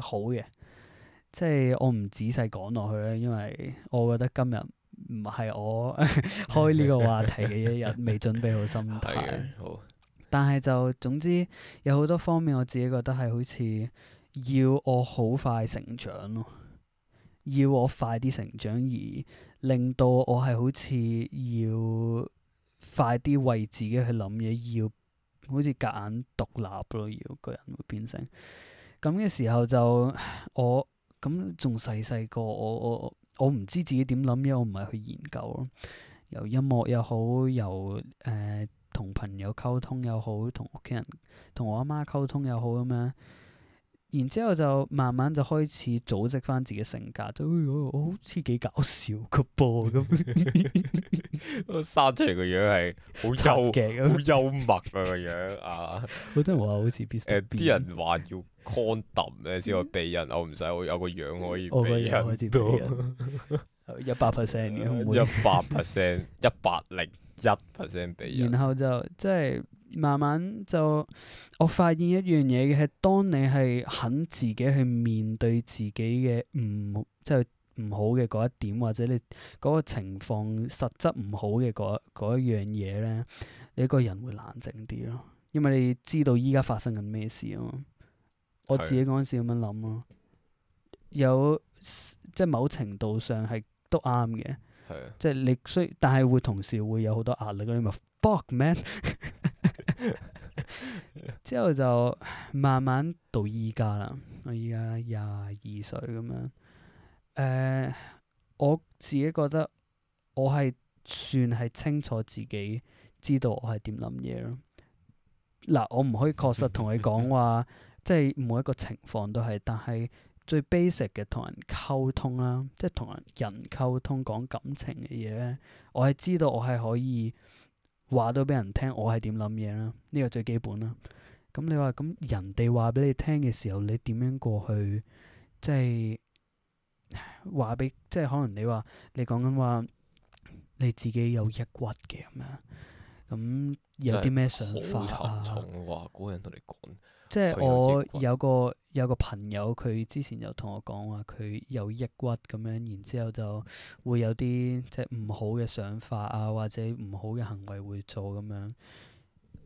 好嘅，即係我唔仔細講落去咧，因為我覺得今日唔係我 開呢個話題嘅一日， 未準備好心態。但係就總之有好多方面，我自己覺得係好似要我好快成長咯。要我快啲成長，而令到我係好似要快啲為自己去諗嘢，要好似夾硬獨立咯，要個人會變成咁嘅時候就我咁仲細細個，我小小我我唔知自己點諗，因為我唔係去研究咯。由音樂又好，由誒同、呃、朋友溝通又好，同屋企人同我阿媽溝通又好咁樣。然之後就慢慢就開始組織翻自己性格，就、哎、好似幾搞笑嘅噃，咁 生出嚟個樣係好幽嘅，好幽默嘅個樣啊！啊好多、呃、人話好似，誒，啲人話要 condom 咧先可以避孕，嗯、我唔使，我有個樣可以避孕一百 percent 嘅，一百 percent，一百零一 percent 俾人，然後就即係。慢慢就我發現一樣嘢嘅係，當你係肯自己去面對自己嘅唔，即係唔好嘅嗰一點，或者你嗰個情況實質唔好嘅嗰一樣嘢咧，你個人會冷靜啲咯，因為你知道依家發生緊咩事啊嘛。我自己嗰陣時咁樣諗咯，是的 有即係某程度上係都啱嘅，是的 即係你雖，但係會同時會有好多壓力。你咪 fuck man。 之後就慢慢到依家啦，我依家廿二歲咁樣，誒、呃，我自己覺得我係算係清楚自己，知道我係點諗嘢咯。嗱，我唔可以確實同佢講話， 即係每一個情況都係，但係最 basic 嘅同人溝通啦，即係同人人溝通講感情嘅嘢咧，我係知道我係可以。話到俾人聽，我係點諗嘢啦。呢個最基本啦。咁、嗯、你話咁人哋話俾你聽嘅時候，你點樣過去？即係話俾，即係可能你話你講緊話你自己有抑鬱嘅咁樣。咁、嗯、有啲咩想法啊？好沉重啊！嗰個人同你講。即係我有個有個朋友，佢之前就同我講話，佢有抑鬱咁樣，然之後就會有啲即係唔好嘅想法啊，或者唔好嘅行為會做咁樣。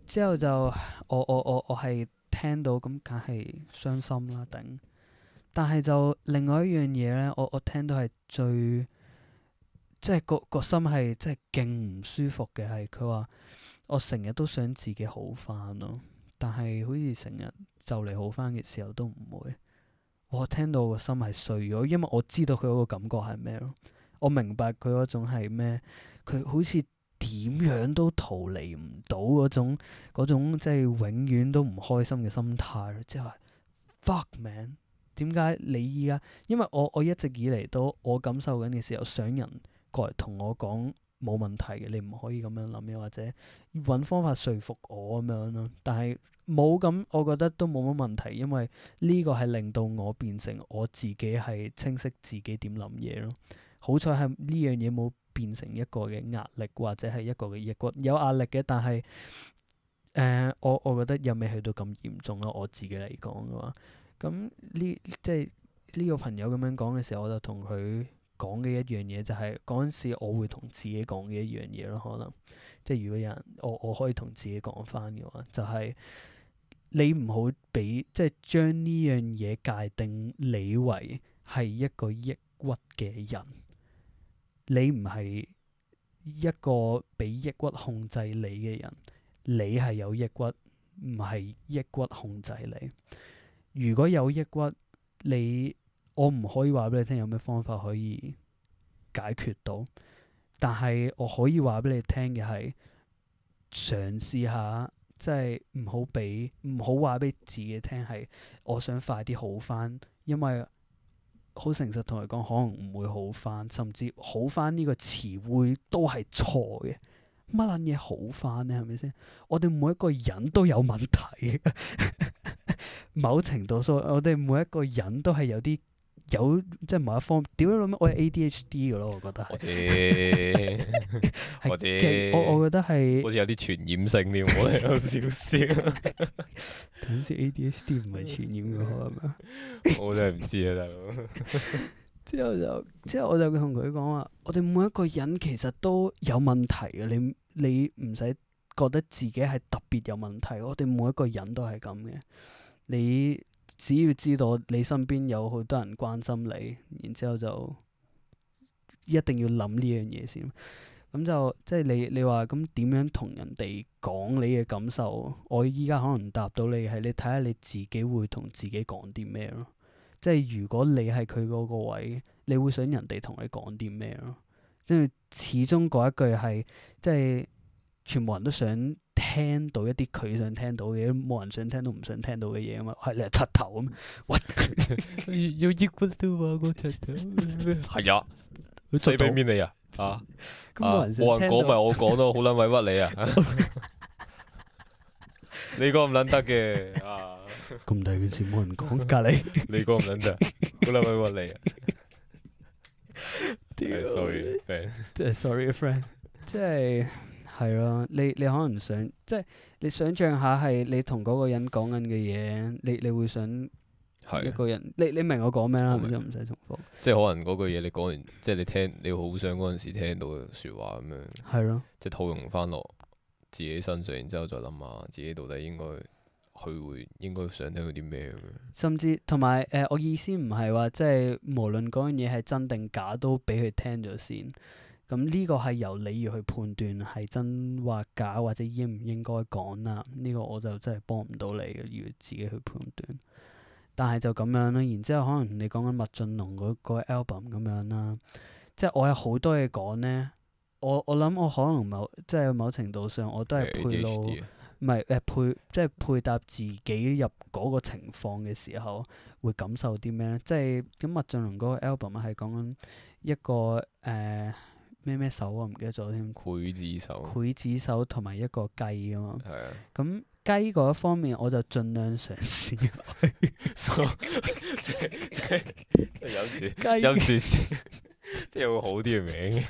之後就我我我我係聽到咁，梗係傷心啦，頂。但係就另外一樣嘢咧，我我聽到係最即係個個心係即係勁唔舒服嘅，係佢話我成日都想自己好返咯。但係好似成日就嚟好返嘅時候都唔會，我聽到個心係碎咗，因為我知道佢嗰個感覺係咩咯，我明白佢嗰種係咩，佢好似點樣都逃離唔到嗰種嗰種即係永遠都唔開心嘅心態咯，即係 fuck man，點解你依家？因為我我一直以嚟都我感受緊嘅時候，想人過嚟同我講冇問題嘅，你唔可以咁樣諗嘅，或者揾方法說服我咁樣咯，但係。冇咁，我覺得都冇乜問題，因為呢個係令到我變成我自己係清晰自己點諗嘢咯。好彩係呢樣嘢冇變成一個嘅壓力，或者係一個嘅抑鬱。有壓力嘅，但係誒、呃，我我覺得又未去到咁嚴重咯、啊。我自己嚟講嘅話，咁、嗯、呢即係呢、呢個朋友咁樣講嘅時候，我就同佢講嘅一樣嘢就係嗰陣時我會同自己講嘅一樣嘢咯。可能即係如果有人我我可以同自己講返嘅話，就係、是。你唔好俾即係將呢樣嘢界定你為係一個抑鬱嘅人，你唔係一個俾抑鬱控制你嘅人，你係有抑鬱，唔係抑鬱控制你。如果有抑鬱，你我唔可以話俾你聽有咩方法可以解決到，但係我可以話俾你聽嘅係嘗試下。即係唔好俾，唔好話俾自己聽係我想快啲好翻，因為好誠實同你講，可能唔會好翻，甚至好翻呢個詞彙都係錯嘅。乜撚嘢好翻咧？係咪先？我哋每一個人都有問題嘅， 某程度上，我哋每一個人都係有啲。有即係某一方，點樣諗，我係 A D H D 噶咯，我覺得係。我知， 是我知我我覺得係。好似有啲傳染性添，我喺度笑笑。等先，A D H D 唔係傳染噶，係嘛？我真係唔知啊，大佬。之後就，之後我就同佢講話，我哋每一個人都其實都有問題嘅，你你唔使覺得自己係特別有問題，我哋每一個人都係咁嘅，你。只要知道你身邊有好多人關心你，然之後就一定要諗呢樣嘢先。咁、嗯、就即係你你話咁點樣同人哋講你嘅感受？我依家可能答到你係你睇下你自己會同自己講啲咩咯。即係如果你係佢嗰個位，你會想人哋同你講啲咩咯？即係始終嗰一句係即係全部人都想。聽到一啲佢想聽到嘅，都冇人想聽到、唔想聽到嘅嘢啊嘛，係你係柒頭咁，哇！要 equal 啲話我柒頭，係呀。俾面你啊？啊，冇人講咪我講咯，好撚委屈你啊！你講唔撚得嘅啊，咁大件事冇人講，隔離你講唔撚得，好撚委屈你啊！Sorry，friend，sorry，friend，即係。係咯，你你可能想，即係你想象下係你同嗰個人講緊嘅嘢，你你會想一個人，的你你明我講咩啦，係咪就唔使重複？即係可能嗰句嘢你講完，即係你聽，你好想嗰陣時聽到嘅說話咁樣。係咯的。即係套用翻落自己身上，然之後再諗下自己到底應該，佢會應該想聽到啲咩咁樣。甚至同埋誒，我意思唔係話即係無論嗰樣嘢係真定假，都俾佢聽咗先。咁呢個係由你要去判斷係真或假，或者應唔應該講啦。呢個我就真係幫唔到你嘅，要自己去判斷。但係就咁樣啦。然之後可能你講緊麥浚龍嗰個 album 咁樣啦，即係我有好多嘢講咧。我我諗我可能某即係某程度上我都係配路，唔係誒配即係配搭自己入嗰個情況嘅時候會感受啲咩咧？即係咁麥浚龍嗰個 album 咪係講緊一個誒。呃咩咩手我、啊、唔記得咗添，劊子手，劊子手同埋一個雞啊嘛，咁是、啊、雞嗰一方面我就盡量嘗試 說，即係飲住，飲住先，即係會好啲嘅名。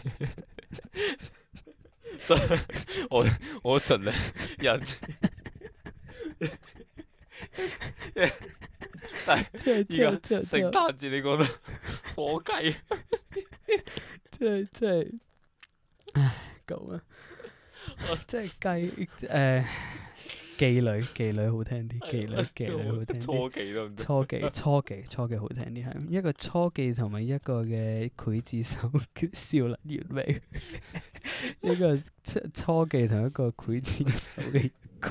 我我盡量，呀！即係而家聖誕節，你覺得火雞？即係即係，唉，講啊，即係雞誒，妓女，妓女好聽啲，妓女，妓女好聽啲。聽初期初期初期，初期好聽啲係， 一個初期同埋一個嘅劊子手少林絕命， 一個初初期同一個劊子手嘅。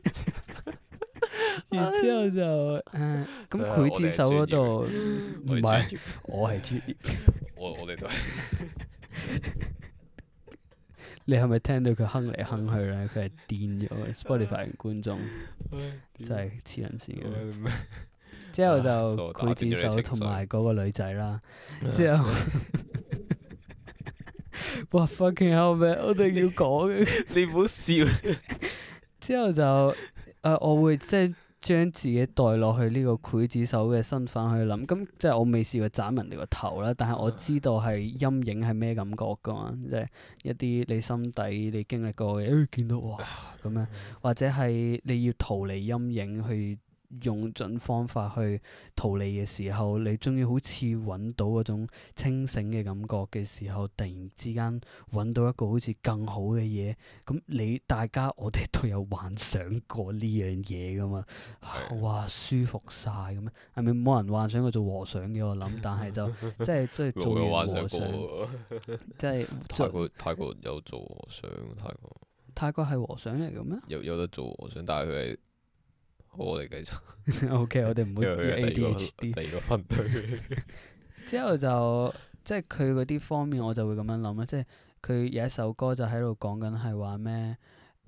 然之後就，嗯，咁佢自首嗰度唔係，我係專業 我，我我哋都係。 你係咪聽到佢哼嚟哼去咧？佢係癲咗，Spotify 觀眾真係黐人線嘅。之 後就佢自首同埋嗰個女仔啦。之 然後， 哇，fucking 後邊我哋要講嘅，你唔好笑。之後就。誒、呃，我會即係將自己代落去呢個劊子手嘅身份去諗，咁即係我未試過斬人哋個頭啦，但係我知道係陰影係咩感覺㗎嘛，即係一啲你心底你經歷過嘅，誒、哎、見到哇咁樣，或者係你要逃離陰影去。用盡方法去逃離嘅時候，你終於好似搵到嗰種清醒嘅感覺嘅時候，突然之間搵到一個好似更好嘅嘢，咁你大家我哋都有幻想過呢樣嘢噶嘛？哇，舒服晒咁咩？係咪冇人幻想過做和尚嘅？我諗，但係就即係即係做和尚， 即係泰國有做和尚，泰國泰國係和尚嚟噶咩？有有得做和尚，但係佢係。我哋繼續。 o、okay, K，我哋唔會 A D H D。 之後就即係佢嗰啲方面，我就會咁樣諗啦。即係佢有一首歌就喺度講緊係話咩？誒、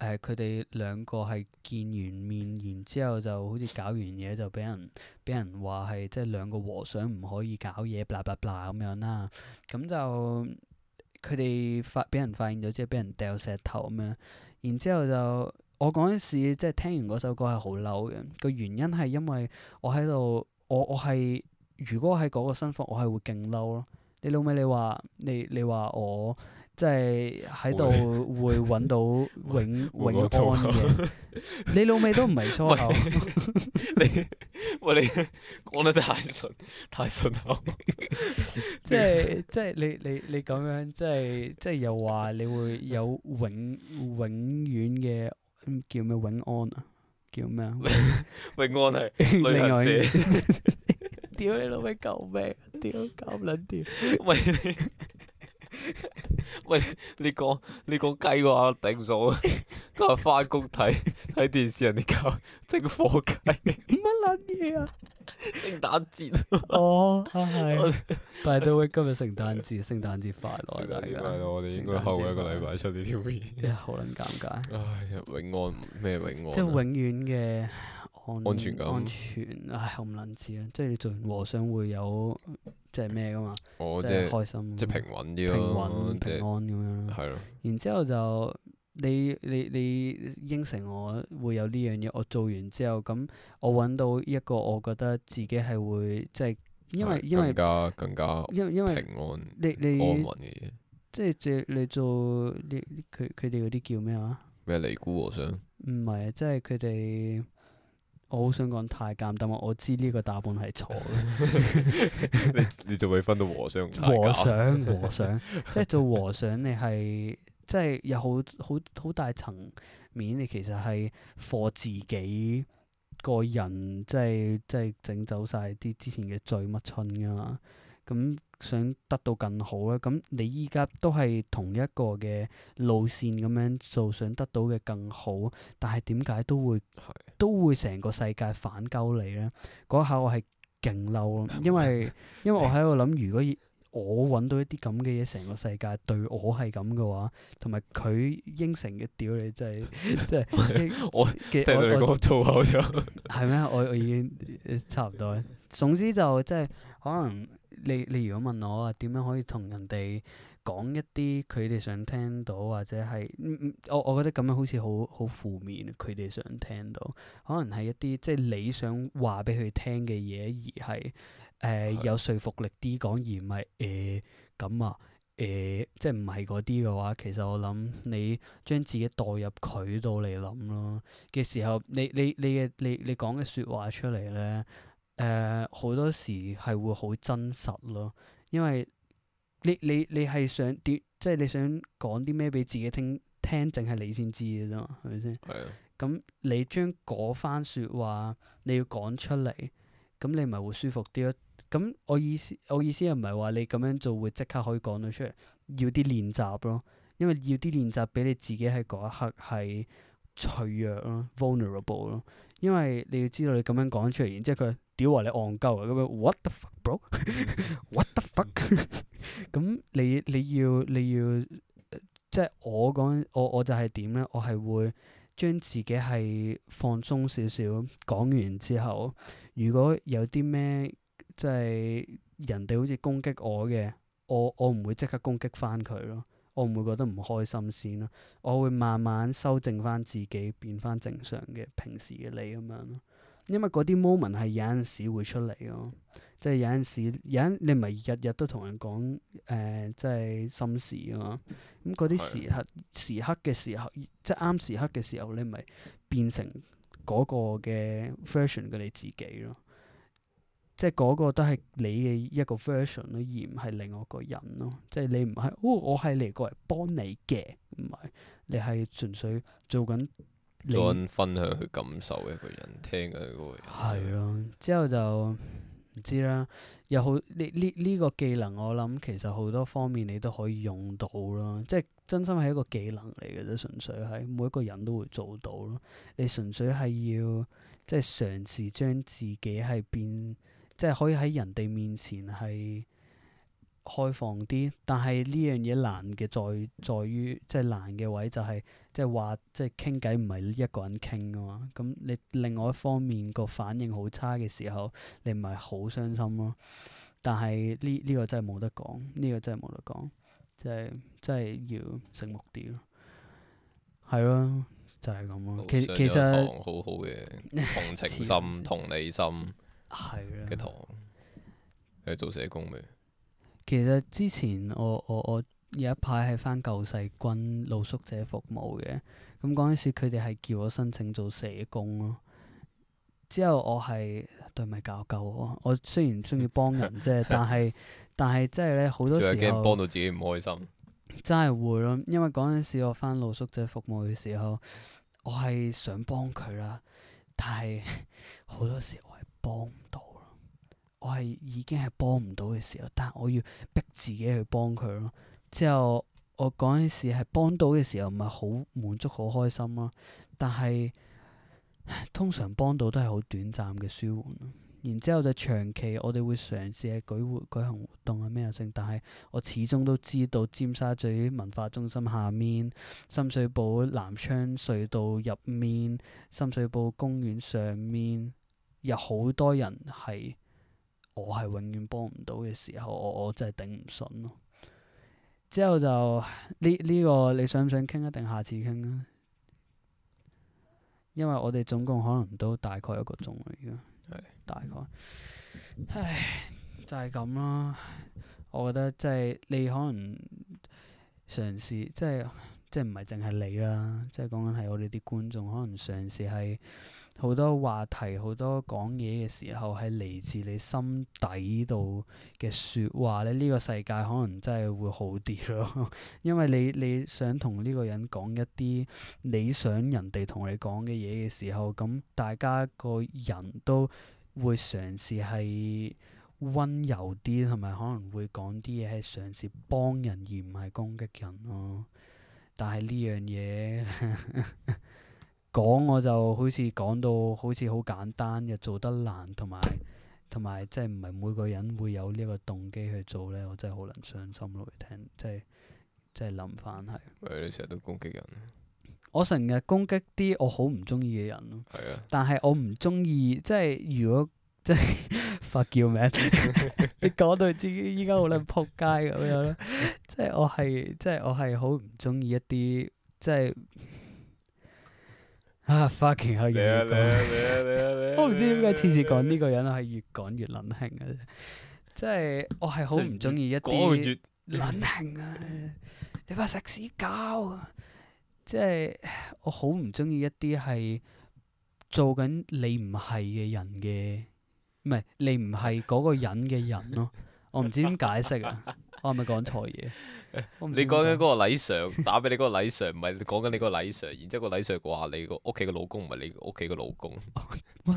呃，佢哋兩個係見完面，然之後就好似搞完嘢就俾人俾人話係即係兩個和尚唔可以搞嘢，b l a b l a b l a 咁樣啦。咁就佢哋發俾人發現咗之後，俾人掉石頭咁樣。然之後就。我嗰陣時即係聽完嗰首歌係好嬲嘅，個原因係因為我喺度，我我係如果喺嗰個身份，我係會勁嬲咯。你老味你話你你話我即係喺度會揾到永 永，永安嘅 說錯， 你老味都唔係粗口。你喂你講得太順太順口，即係即係你你你咁樣，即係即係又話你會有永永遠嘅。叫咩永安啊？叫咩啊？永安係旅行社。屌你老味，救命！屌咁撚屌。喂 喂，你講你講雞話頂數 啊！今日翻工睇睇電視，人哋搞，教整個火雞，乜撚嘢啊？聖誕節哦，係，但係都會，今日聖誕節，聖誕節快樂啊！大家，我哋應該後一個禮拜出呢條片！好撚尷尬。永安咩永安？即係永遠嘅安，安全安全。唉、哎，又唔撚知！啊！即係做完和尚會有。即係咩㗎嘛？即係開心，即係平穩啲咯，平穩平安咁樣咯。係咯。然之後就你你你應承我會有呢樣嘢，我做完之後咁，我揾到一個我覺得自己係會即係，因為因為更加更加平安，安穩嘅嘢。即係做你做啲佢佢哋嗰啲叫咩話？咩尼姑和尚？唔係，即係佢哋。我好想講太監，但我，我知呢個答案係錯。你你仲未分到和尚？和尚，和尚，即係做和尚，你係即係有好好好大層面，你其實係為自己個人，即係即係整走晒啲之前嘅罪乜春㗎嘛咁。想得到更好啦，咁你依家都係同一個嘅路線咁樣做，想得到嘅更好，但係點解都會的都會成個世界反鳩你咧？嗰下我係勁嬲咯，因為因為我喺度諗，如果我揾到一啲咁嘅嘢，成個世界對我係咁嘅話，同埋佢應承嘅屌你真係真係我嘅我粗口上係咩？我我已經差唔多。 總之就即、是、係可能。你你如果問我啊，點樣可以同人哋講一啲佢哋想聽到或者係嗯嗯，我我覺得咁樣好似好好負面，佢哋想聽到，可能係一啲即係你想話俾佢聽嘅嘢，而係誒、呃、的有說服力啲講，而唔係誒咁啊誒、欸，即係唔係嗰啲嘅話，其實我諗你將自己代入佢度嚟諗咯嘅時候，你你你嘅你你講嘅説話出嚟咧。誒好、呃、多時係會好真實咯，因為你你你係想點，即係你想講啲咩俾自己聽聽，淨係是的、嗯、你先知嘅咋嘛，係咪先？咁你將嗰番説話你要講出嚟，咁你咪會舒服啲咯。咁我意思我意思又唔係話你咁樣做會即刻可以講到出嚟，要啲練習咯。因為要啲練習俾你自己喺嗰一刻係脆弱咯，vulnerable 咯。因為你要知道你咁樣講出嚟，然之後佢。屌話你戇鳩啊咁樣，what the fuck bro？what the fuck？咁 你你要你要，你要呃、即係我講我我就係點咧？我係會將自己係放鬆少少，講完之後，如果有啲咩即係人哋好似攻擊我嘅，我我唔會即刻攻擊翻佢咯，我唔會覺得唔開心先咯，我會慢慢修正翻自己，變翻正常嘅平時嘅你咁樣咯。因為嗰啲 moment 係有陣時會出嚟咯，即係有陣時，有陣你唔係日日都同人講誒，即、呃、係心事咯。咁嗰啲時刻、的時刻嘅時候，即係啱時刻嘅時候，你咪變成嗰個嘅 version 嘅你自己咯。即係嗰個都係你嘅一個 version 咯，而唔係另外一個人咯。即係你唔係，哦，我係嚟過嚟幫你嘅，唔係你係純粹做緊。將你分享去感受一個人聽嘅一個人係咯，之後就唔知啦。有好呢呢呢個技能，我諗其實好多方面你都可以用到咯。即係真心係一個技能嚟嘅啫，純粹係每一個人都會做到咯。你純粹係要即係嘗試將自己係變，即係可以喺人哋面前係。開放啲，但係呢樣嘢難嘅在在於，即係難嘅位就係，即係話即係傾偈唔係一個人傾噶嘛。咁你另外一方面個反應好差嘅時候，你咪好傷心咯，啊。但係呢呢個真係冇得講，呢個真係冇得講，即係真係要醒目啲咯。係咯，就係咁咯。其實其實好好嘅同情心， 是不是同理心係啦嘅堂，啊，你做社工咩？其實之前我我我有一排係翻舊世軍露宿者服務嘅，咁嗰陣時佢哋係叫我申請做社工咯。之後我係對咪教夠我，我，我雖然中意幫人啫， 但係但係真係咧好多時候幫到自己唔開心，真係會咯。因為嗰陣時我翻露宿者服務嘅時候，我係想幫佢啦，但係好多時我係幫唔到。我係已經係幫唔到嘅時候，但係我要逼自己去幫佢咯。之後我嗰陣時係幫到嘅時候，咪好滿足、好開心咯、啊。但係通常幫到都係好短暫嘅舒緩。然之後就長期我，我哋會嘗試係舉活舉行活動啊，咩啊剩。但係我始終都知道，尖沙咀文化中心下面、深水埗南昌隧道入面、深水埗公園上面，有好多人係。我係永遠幫唔到嘅時候，我我真係頂唔順咯。之後就呢呢、這個你想唔想傾，一定下次傾啊？因為我哋總共可能都大概一個鐘啦，而家的大概。唉，就係咁咯。我覺得即係你可能嘗試，即係即係唔係淨係你啦，即係講緊係我哋啲觀眾可能嘗試係。好多話題，好多講嘢嘅時候係嚟自你心底度嘅說話咧。呢個世界可能真係會好啲咯，因為你你想同呢個人講一啲你想人哋同你講嘅嘢嘅時候，咁大家個人都會嘗試係溫柔啲，同埋可能會講啲嘢係嘗試幫人而唔係攻擊人咯。但係呢樣嘢。講我就好似講到好似好簡單，又做得難，同埋同埋，即係唔係每個人會有呢個動機去做咧？我真係好撚傷心咯，聽即係即係諗翻係。就是就是，喂，你成日都攻擊人？我成日攻擊啲我好唔中意嘅人。係啊的。但係我唔中意，即係如果即係 fuck you man 你講到自己依家好撚撲街咁樣咯。即係我係即係我係好唔中意一啲即係。就是啊，fucking 又越我唔 知點解次次講呢個人係越講越撚型 啊！即係我係好唔中意一啲撚型啊！ 你話食屎狗，即係我好唔中意一啲係做緊你唔係嘅人嘅，唔係你唔係嗰個人嘅人咯。我唔知點解釋啊！ 我係咪講錯嘢？ 你講緊嗰個李 Sir 打俾你嗰個李 Sir，唔係講緊你個李 Sir，然之後個李 Sir 話你個屋企個老公唔係你屋企個老公，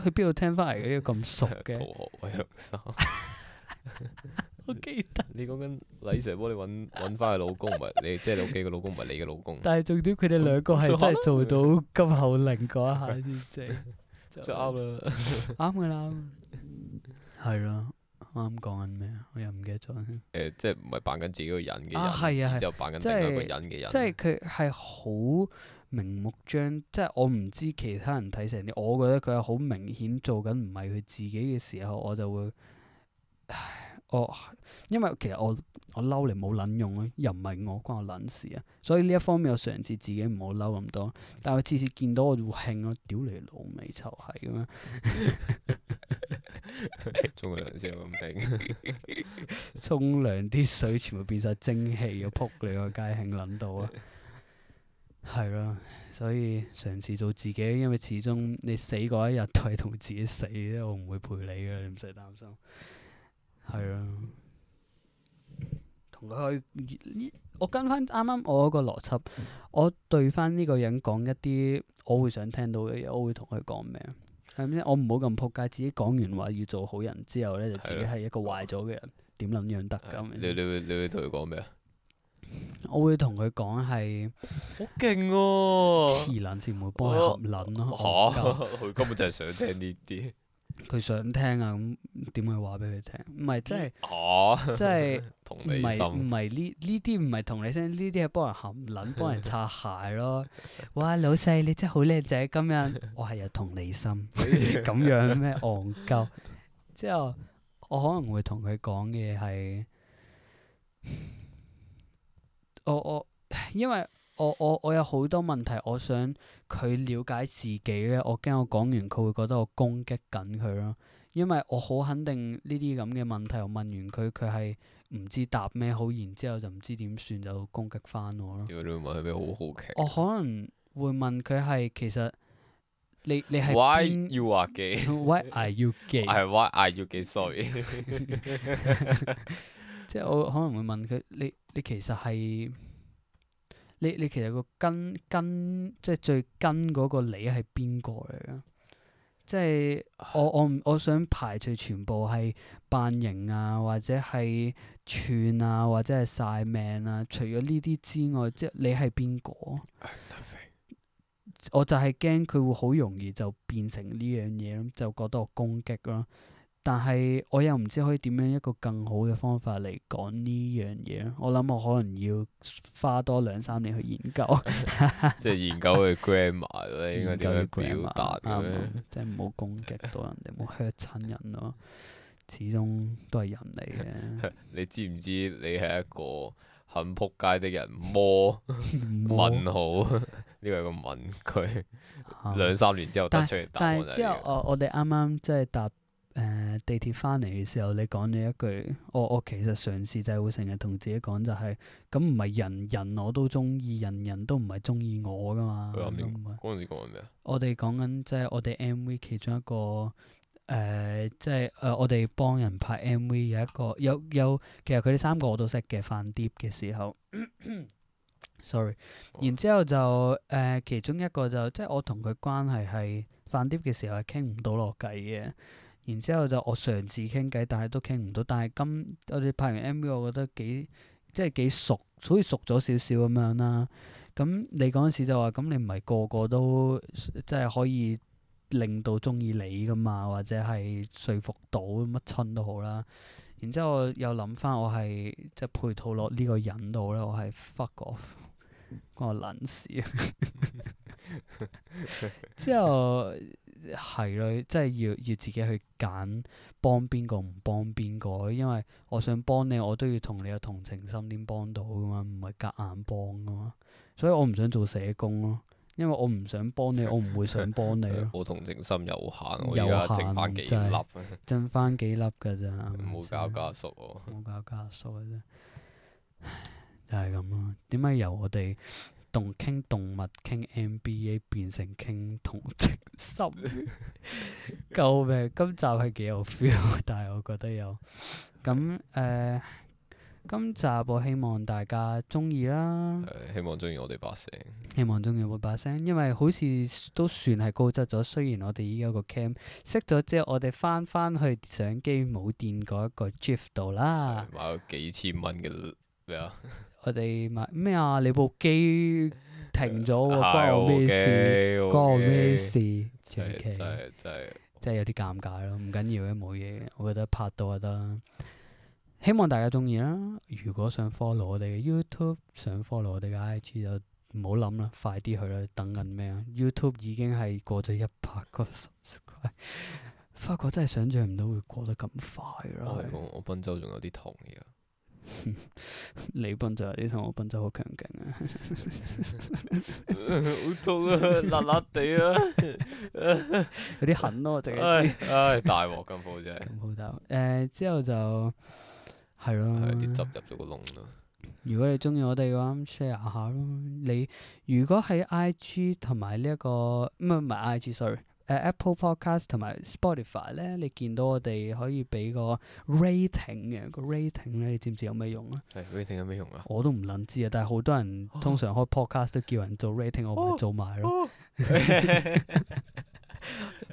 去邊度聽翻嚟嘅？呢咁熟嘅？同學魏龍山，我記得。你講緊李 Sir 幫你搵搵翻佢老公，唔係你即係屋企個老公，唔係你嘅老公。但係重點佢哋兩個係真係做到今後另過一下先正，就啱啦，啱噶啦，啱。係啊。啱啱講緊咩啊？我又唔記得咗先。即係唔係扮緊自己個人嘅人，係啊，係啊，之後扮緊另外個人嘅人。即係佢係好明目張，即係我唔知其他人睇成啲，我覺得佢係好明顯做緊唔係佢自己嘅時候，我就會，我因為其實我我嬲嚟冇撚用咯，又唔係我關我撚事啊！所以呢一方面我嘗試自己唔好嬲咁多，但係次次見到我興咯，屌你老味臭閪咁樣。 沖涼先咁平，沖涼啲水全部變晒蒸汽，要撲你個街慶捻到啊！係咯，所以嘗試做自己，因為始終你死過一日，都係同自己死，我唔會陪你嘅，你唔使擔心。係啊，同佢去，我跟翻啱啱我嗰個邏輯，我對翻呢個人講一啲我會想聽到嘅嘢，我會同佢講咩？係咪我唔好咁撲街，自己講完話要做好人之後咧，就自己係一個壞咗嘅人，點諗、嗯、樣得咁、嗯？你你會你會同佢講咩啊？我會同佢講係好勁啊、哦！持卵先唔會幫佢合卵咯。嚇哇！佢 根本就係想聽呢啲。 佢想聽啊，咁點會話俾佢聽？唔係，真係，啊、真係是，唔係唔係呢呢啲唔係同理心，呢啲係幫人含撚，幫人擦鞋咯。 哇，老細你真係好靚仔，今日我係有同理心，咁 樣咩戇鳩？之後 我，我可能會同佢講嘅係，我我因為。我我我有好多問題，我想佢了解自己咧。我驚我講完佢會覺得我攻擊緊佢咯，因為我好肯定呢啲咁嘅問題。我問完佢，佢係唔知答咩好，然之後就唔知點算，就攻擊翻我咯。要你會問係咩？好好奇。我可能會問佢係其實你你係。Why you are gay? Why are you gay? 係 Why are you gay? Sorry。 即係我可能會問佢：你你其實係。你你其實個根根即係最根嗰個你係邊個嚟㗎？即係我我唔我想排除全部係扮型啊，或者係串啊，或者係晒命啊。除咗呢啲之外，即係你係邊個？love 我就係驚佢會好容易就變成呢樣嘢，就覺得我攻擊囉。但係我又唔知可以點樣一個更好嘅方法嚟講呢樣嘢。我諗我可能要花多兩三年去研究，即係研究佢 grammar 咯， gram ma，應該點表達對吧即係唔好攻擊到人哋，唔好 hurt 人咯。始終都係人嚟嘅。 你知唔知你係一個很撲街的人？魔問號啊！呢個問句兩三年之後出答出嚟答案就係。但係之後，我我哋啱啱即係答，答。地鐵翻嚟嘅時候，你講咗一句：我我其實嘗試，就係會成日同自己講，就係咁唔係人人我都中意，人人都唔係中意我㗎嘛。嗰陣時講咩？我哋講緊，即係我哋 M.V. 其中一個誒，即係誒我哋幫人拍 M.V. 有一個有有，其實佢哋三個我都識嘅。飯碟嘅時候，sorry。然之後就誒、呃，其中一個就即係、就係、我同佢關係係飯碟嘅時候係傾唔到落偈嘅。然之後就我嘗試傾偈，但係都傾唔到。但係今我哋拍完 MV，我覺得幾即係幾熟，所以熟咗少少咁樣啦。咁、嗯、你嗰陣時就話，咁、嗯、你唔係個個都即係可以令到中意你噶嘛？或者係說服到乜親都好啦。然之後我又諗翻，我係即係配套落呢個人度咧，我係發覺關我撚事。之 係。 係咯，即係要要自己去揀幫邊個唔幫邊個，因為我想幫你，我都要同你有同情心點幫到噶嘛，唔係夾硬幫噶嘛，所以我唔想做社工咯，啊，因為我唔想幫你，我唔會想幫你咯，啊。 我同情心有限，我而家剩翻幾粒，剩翻幾粒噶咋，冇搞家屬喎，冇搞家屬啫， 就係咁咯。點解由我哋？同傾動物，傾 NBA，變成傾同情心， 救命！今集係幾有 feel，但係我覺得有咁誒，uh, 今集我希望大家中意啦。係，希望中意我哋把聲，希望中意我把聲，因為好似都算係高質咗。雖然我哋依家個 cam 熄咗之後，我哋翻翻去相機冇電嗰一個 gift 度啦。買咗幾千蚊嘅咩啊？ 我哋咪咩啊？你部機停咗喎，啊，關我咩事？關我咩事？就係就係，真係真係真係有啲尷尬咯，唔緊要嘅冇嘢，我覺得拍到就得啦。希望大家中意啦。如果想 follow 我哋嘅 YouTube，想 follow 我哋嘅 IG 就唔好諗啦，快啲去啦，等緊咩啊？YouTube 已經係過咗一百個 subscribe，發覺真係想像唔到會過得咁快啦。係我賓州仲有啲痛而你奔走，你同我奔就好強勁啊！好痛啊，辣辣地啊，有啲痕咯，淨係知。唉，大鑊咁好真係。咁好大鑊。誒，之後就係咯。係啲汁入咗個窿咯。如果你中意我哋嘅話，share 下咯。你如果喺 IG 同埋呢一個唔係唔係 IG，sorry。Apple Podcast 同埋 Spotify 咧，你見到我哋可以俾個 rating 嘅、個 rating 咧，你知唔知有咩用啊？係、哎、rating 有咩用啊？我都唔撚知啊！但係好多人通常開 podcast 都叫人做 rating，我咪做埋咯。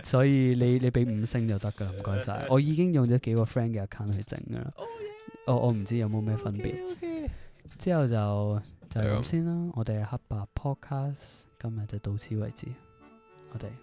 所以你你俾五星就得㗎啦，唔該晒。 我已經用咗幾個 friend 嘅 account 去整㗎啦 Okay,。我我唔知有冇咩分別。Okay, okay 之後就就係咁先啦。我哋係黑白 podcast 今日就到此為止。我哋。